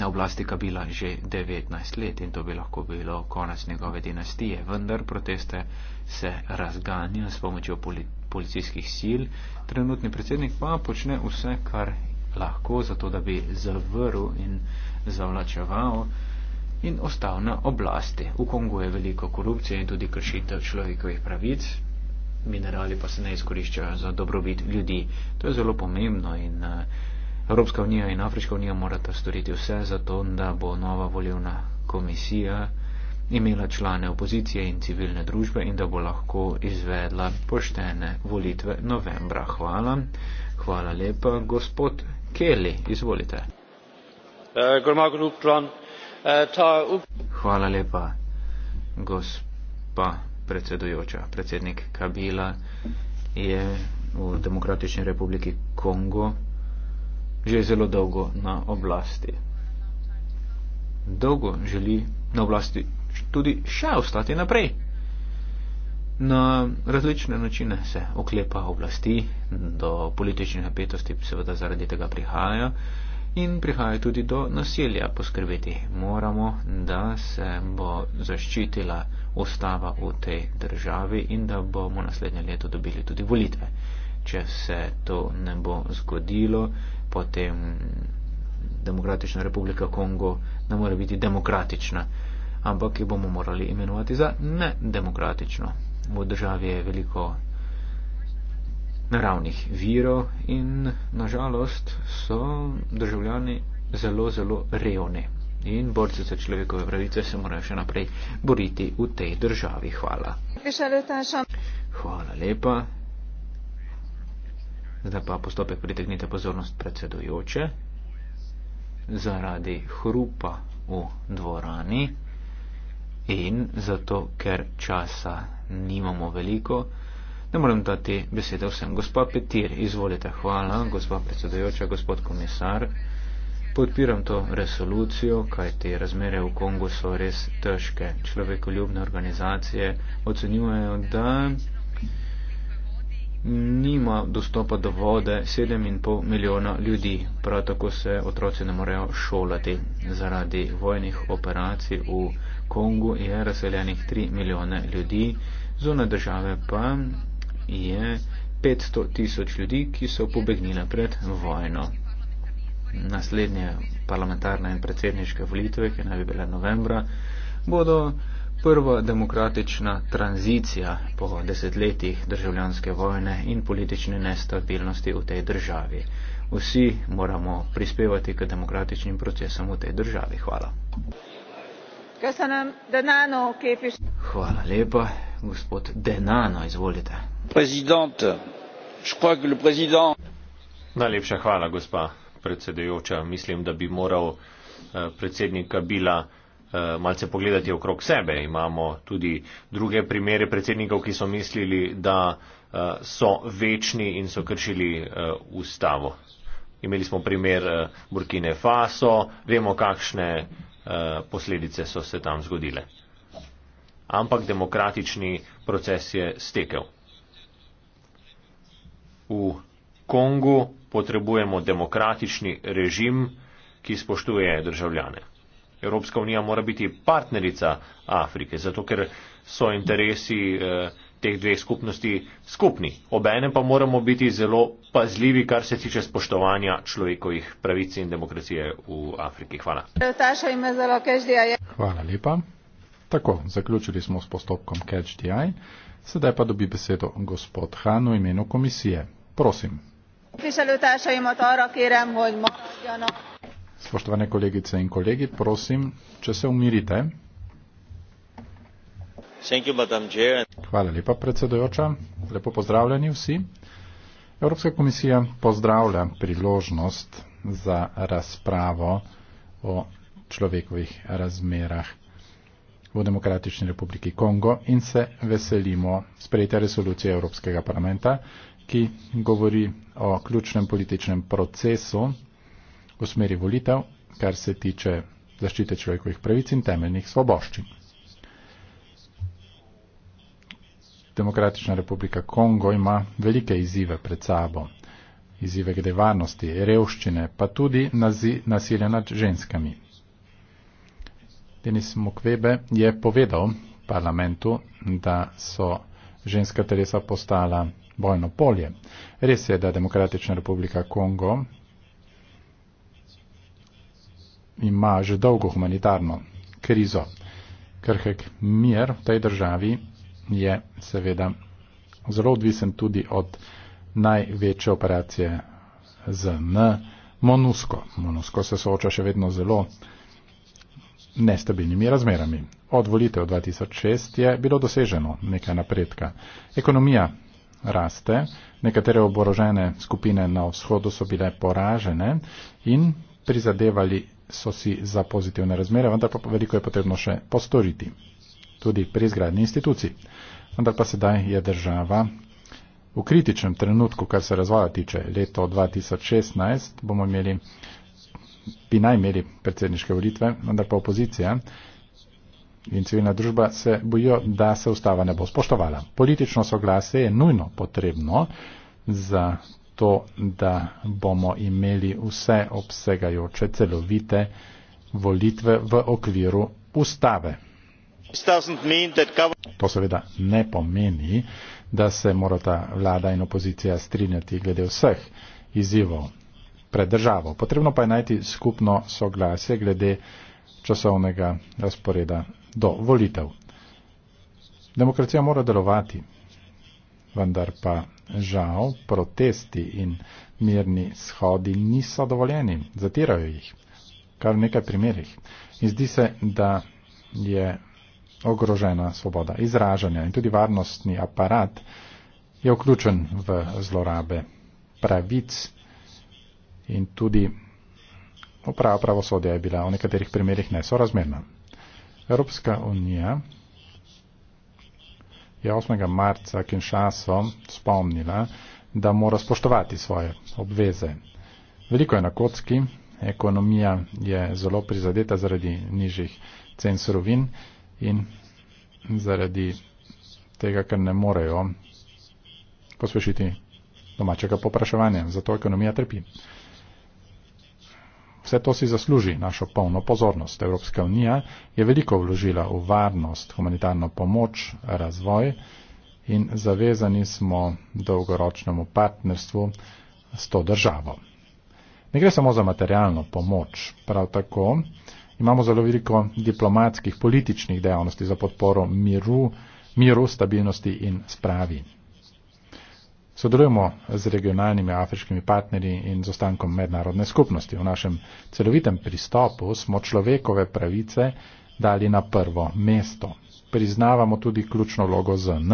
na oblasti Kabila že 19 let in to bi lahko bilo konec njegove dinastije, vendar proteste se razganja s pomočjo policijskih sil. Trenutni predsednik pa počne vse, kar lahko, zato da bi zavrl in zavlačeval in ostal na oblasti. V Kongu je veliko korupcije in tudi kršitev človekovih pravic, minerali pa se ne izkoriščajo za dobrobit ljudi. To je zelo pomembno in eh, Evropska unija in Afriška unija morata storiti vse za to, da bo nova volilna komisija imela člane opozicije in civilne družbe in da bo lahko izvedla poštene volitve novembra. Hvala. Hvala lepa, gospod kelly izvolite. Hvala lepa, gospa predsedujoča. Predsednik Kabila je v Demokratični republiki Kongo že zelo dolgo na oblasti. Dolgo želi na oblasti tudi še ostati naprej na različne načine se oklepa oblasti, do političnih napetosti seveda zaradi tega prihajajo in prihaja tudi do nasilja poskrbeti. Moramo, da se bo zaščitila ustava v tej državi in da bomo naslednje leto dobili tudi volitve. Če se to ne bo zgodilo, potem Demokratična republika Kongo ne more biti demokratična, ampak jo bomo morali imenovati za nedemokratično. V državi je veliko naravnih virov in nažalost so državljani zelo, zelo revni. In borci za človekove pravice se morajo še naprej boriti v tej državi. Hvala. Hvala lepa. Zdaj pa postopek pritegnite pozornost predsedujoče. Zaradi hrupa v dvorani in zato, ker časa nimamo veliko. Ne morem dati besede vsem. Gospa Petir, izvolite, hvala, gospa predsedojoča, gospod komisar. Podpiram to resolucijo, kaj te razmere v Kongu so res težke. Človekoljubne organizacije ocenjujejo, da nima dostopa do vode 7,5 milijona ljudi. Prav tako se otroci ne morejo šolati. Zaradi vojnih operacij v Kongu je razseljenih 3 milijone ljudi, zunaj države pa je 500 tisoč ljudi, ki so pobegnile pred vojno. Naslednje parlamentarne in predsedniške volitve, ki naj bi bile novembra, bodo prva demokratična tranzicija po desetletjih državljanske vojne in politične nestabilnosti v tej državi. Vsi moramo prispevati k demokratičnim procesom v tej državi. Hvala. Hvala lepa. Gospod Denano, izvolite. Prezident. Najlepša hvala, gospa predsedujoča. Mislim, da bi moral eh, predsednika Bila Eh, malce pogledati okrog sebe. Imamo tudi druge primere predsednikov, ki so mislili, da eh, so večni in so kršili eh, ustavo. Imeli smo primer Burkine Faso, vemo, kakšne posledice so se tam zgodile. Ampak demokratični proces je stekel. V Kongu potrebujemo demokratični režim, ki spoštuje državljane. Evropska unija mora biti partnerica Afrike, zato ker so interesi eh, teh dveh skupnosti skupni. Obenem pa moramo biti zelo pazljivi, kar se tiče spoštovanja človekovih pravic in demokracije v Afriki. Hvala. Hvala lepa. Tako, zaključili smo s postopkom CatchDI. Sedaj pa dobi besedo gospod Han v imenu komisije. Prosim. Kiselőtársaimat arra kérem, hogy maradjanak. Spoštovane kolegice in kolegi, prosim, če se umirite. You, Hvala lepa, predsedojoča. Lepo pozdravljeni vsi. Evropska komisija pozdravlja priložnost za razpravo o človekovih razmerah v Demokratični republiki Kongo in se veselimo sprejete resolucije Evropskega parlamenta, ki govori o ključnem političnem procesu v smeri volitev, kar se tiče zaščite človekovih pravic in temeljnih svoboščin. Demokratična republika Kongo ima velike izzive pred sabo. Izzive glede varnosti, revščine, pa tudi nasilja nad ženskami. Denis Mukwebe je povedal parlamentu, da so ženska telesa postala bojno polje. Res je, da Demokratična republika Kongo ima že dolgo humanitarno krizo. Krhek mir v tej državi je seveda zelo odvisen tudi od največje operacije z N, MONUSKO. MONUSKO se sooča še vedno zelo nestabilnimi razmerami. Od volitev 2006 je bilo doseženo nekaj napredka. Ekonomija raste, nekatere oborožene skupine na vzhodu so bile poražene in prizadevali so si za pozitivne razmere, vendar pa veliko je potrebno še postoriti, tudi pri izgradnji institucij. Vendar pa sedaj je država v kritičnem trenutku, kar se razvoja tiče. Leto 2016 bomo imeli, bi naj imeli predsedniške volitve, vendar pa opozicija in civilna družba se bojijo, da se ustava ne bo spoštovala. Politično soglasje je nujno potrebno za to, da bomo imeli vse obsegajoče celovite volitve v okviru ustave. To seveda ne pomeni, da se mora ta vlada in opozicija strinjati glede vseh izzivov pred državo. Potrebno pa je najti skupno soglasje glede časovnega razporeda do volitev. Demokracija mora delovati vendar pa žal protesti in mirni shodi niso dovoljeni, zatirajo jih, kar v nekaj primerih. In zdi se, da je ogrožena svoboda izražanja in tudi varnostni aparat je vključen v zlorabe pravic in tudi uprava pravosodja je bila v nekaterih primerih nesorazmerna. Evropska unija je 8. marca Kinshaso spomnila, da mora spoštovati svoje obveze. Veliko je na kocki, ekonomija je zelo prizadeta zaradi nižjih cen surovin in zaradi tega, ker ne morejo pospešiti domačega popraševanja. Zato ekonomija trpi. Vse to si zasluži našo polno pozornost. Evropska unija je veliko vložila v varnost, humanitarno pomoč, razvoj in zavezani smo dolgoročnemu partnerstvu s to državo. Ne gre samo za materialno pomoč, prav tako imamo zelo veliko diplomatskih, političnih dejavnosti za podporo miru, miru stabilnosti in spravi. Sodelujemo z regionalnimi afriškimi partnerji in z ostankom mednarodne skupnosti. V našem celovitem pristopu smo človekove pravice dali na prvo mesto. Priznavamo tudi ključno vlogo ZN.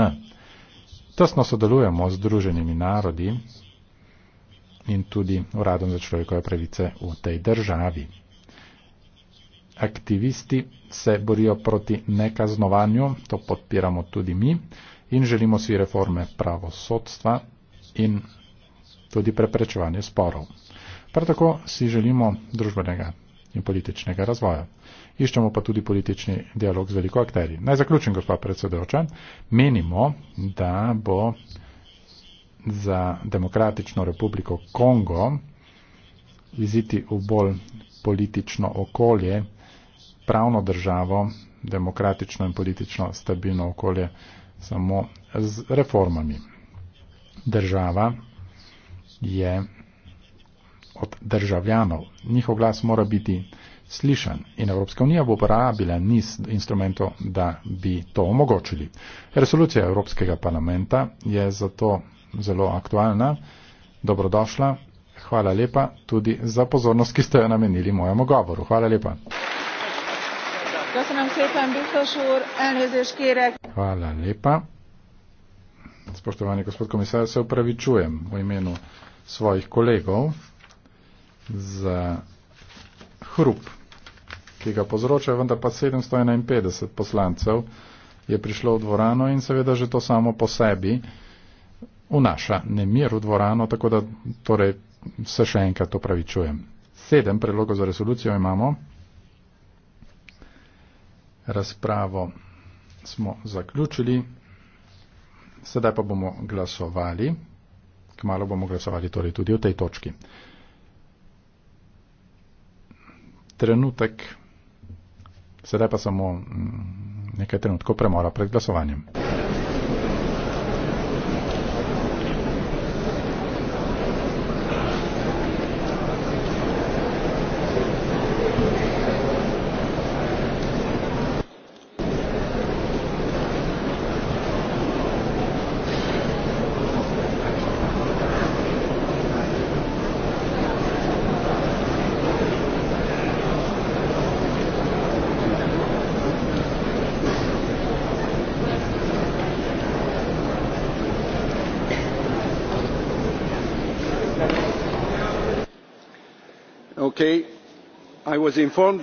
Tesno sodelujemo z druženimi narodi in tudi uradom za človekove pravice v tej državi. Aktivisti se borijo proti nekaznovanju, to podpiramo tudi mi in želimo si reforme pravosodstva, in tudi preprečevanje sporov. Prav tako si želimo družbenega in političnega razvoja. Iščemo pa tudi politični dialog z veliko akterji. Naj zaključim, gospod predsedoča. Menimo, da bo za demokratično republiko Kongo iziti v bolj politično okolje, pravno državo, demokratično in politično stabilno okolje samo z reformami država je od državljanov. Njihov glas mora biti slišan in Evropska unija bo uporabila niz instrumentov, da bi to omogočili. Resolucija Evropskega parlamenta je zato zelo aktualna. Dobrodošla. Hvala lepa tudi za pozornost, ki ste jo namenili mojemu govoru. Hvala lepa. Hvala lepa spoštovani gospod komisar, se upravičujem v imenu svojih kolegov za hrup, ki ga povzroča, vendar pa 751 poslancev je prišlo v dvorano in seveda že to samo po sebi vnaša nemir v dvorano, tako da torej se še enkrat upravičujem. Sedem predlogov za resolucijo imamo. Razpravo smo zaključili. Sedaj pa bomo glasovali, kmalo bomo glasovali torej tudi o tej točki. Trenutek, sedaj pa samo mm, nekaj trenutkov premora pred glasovanjem. informed decision.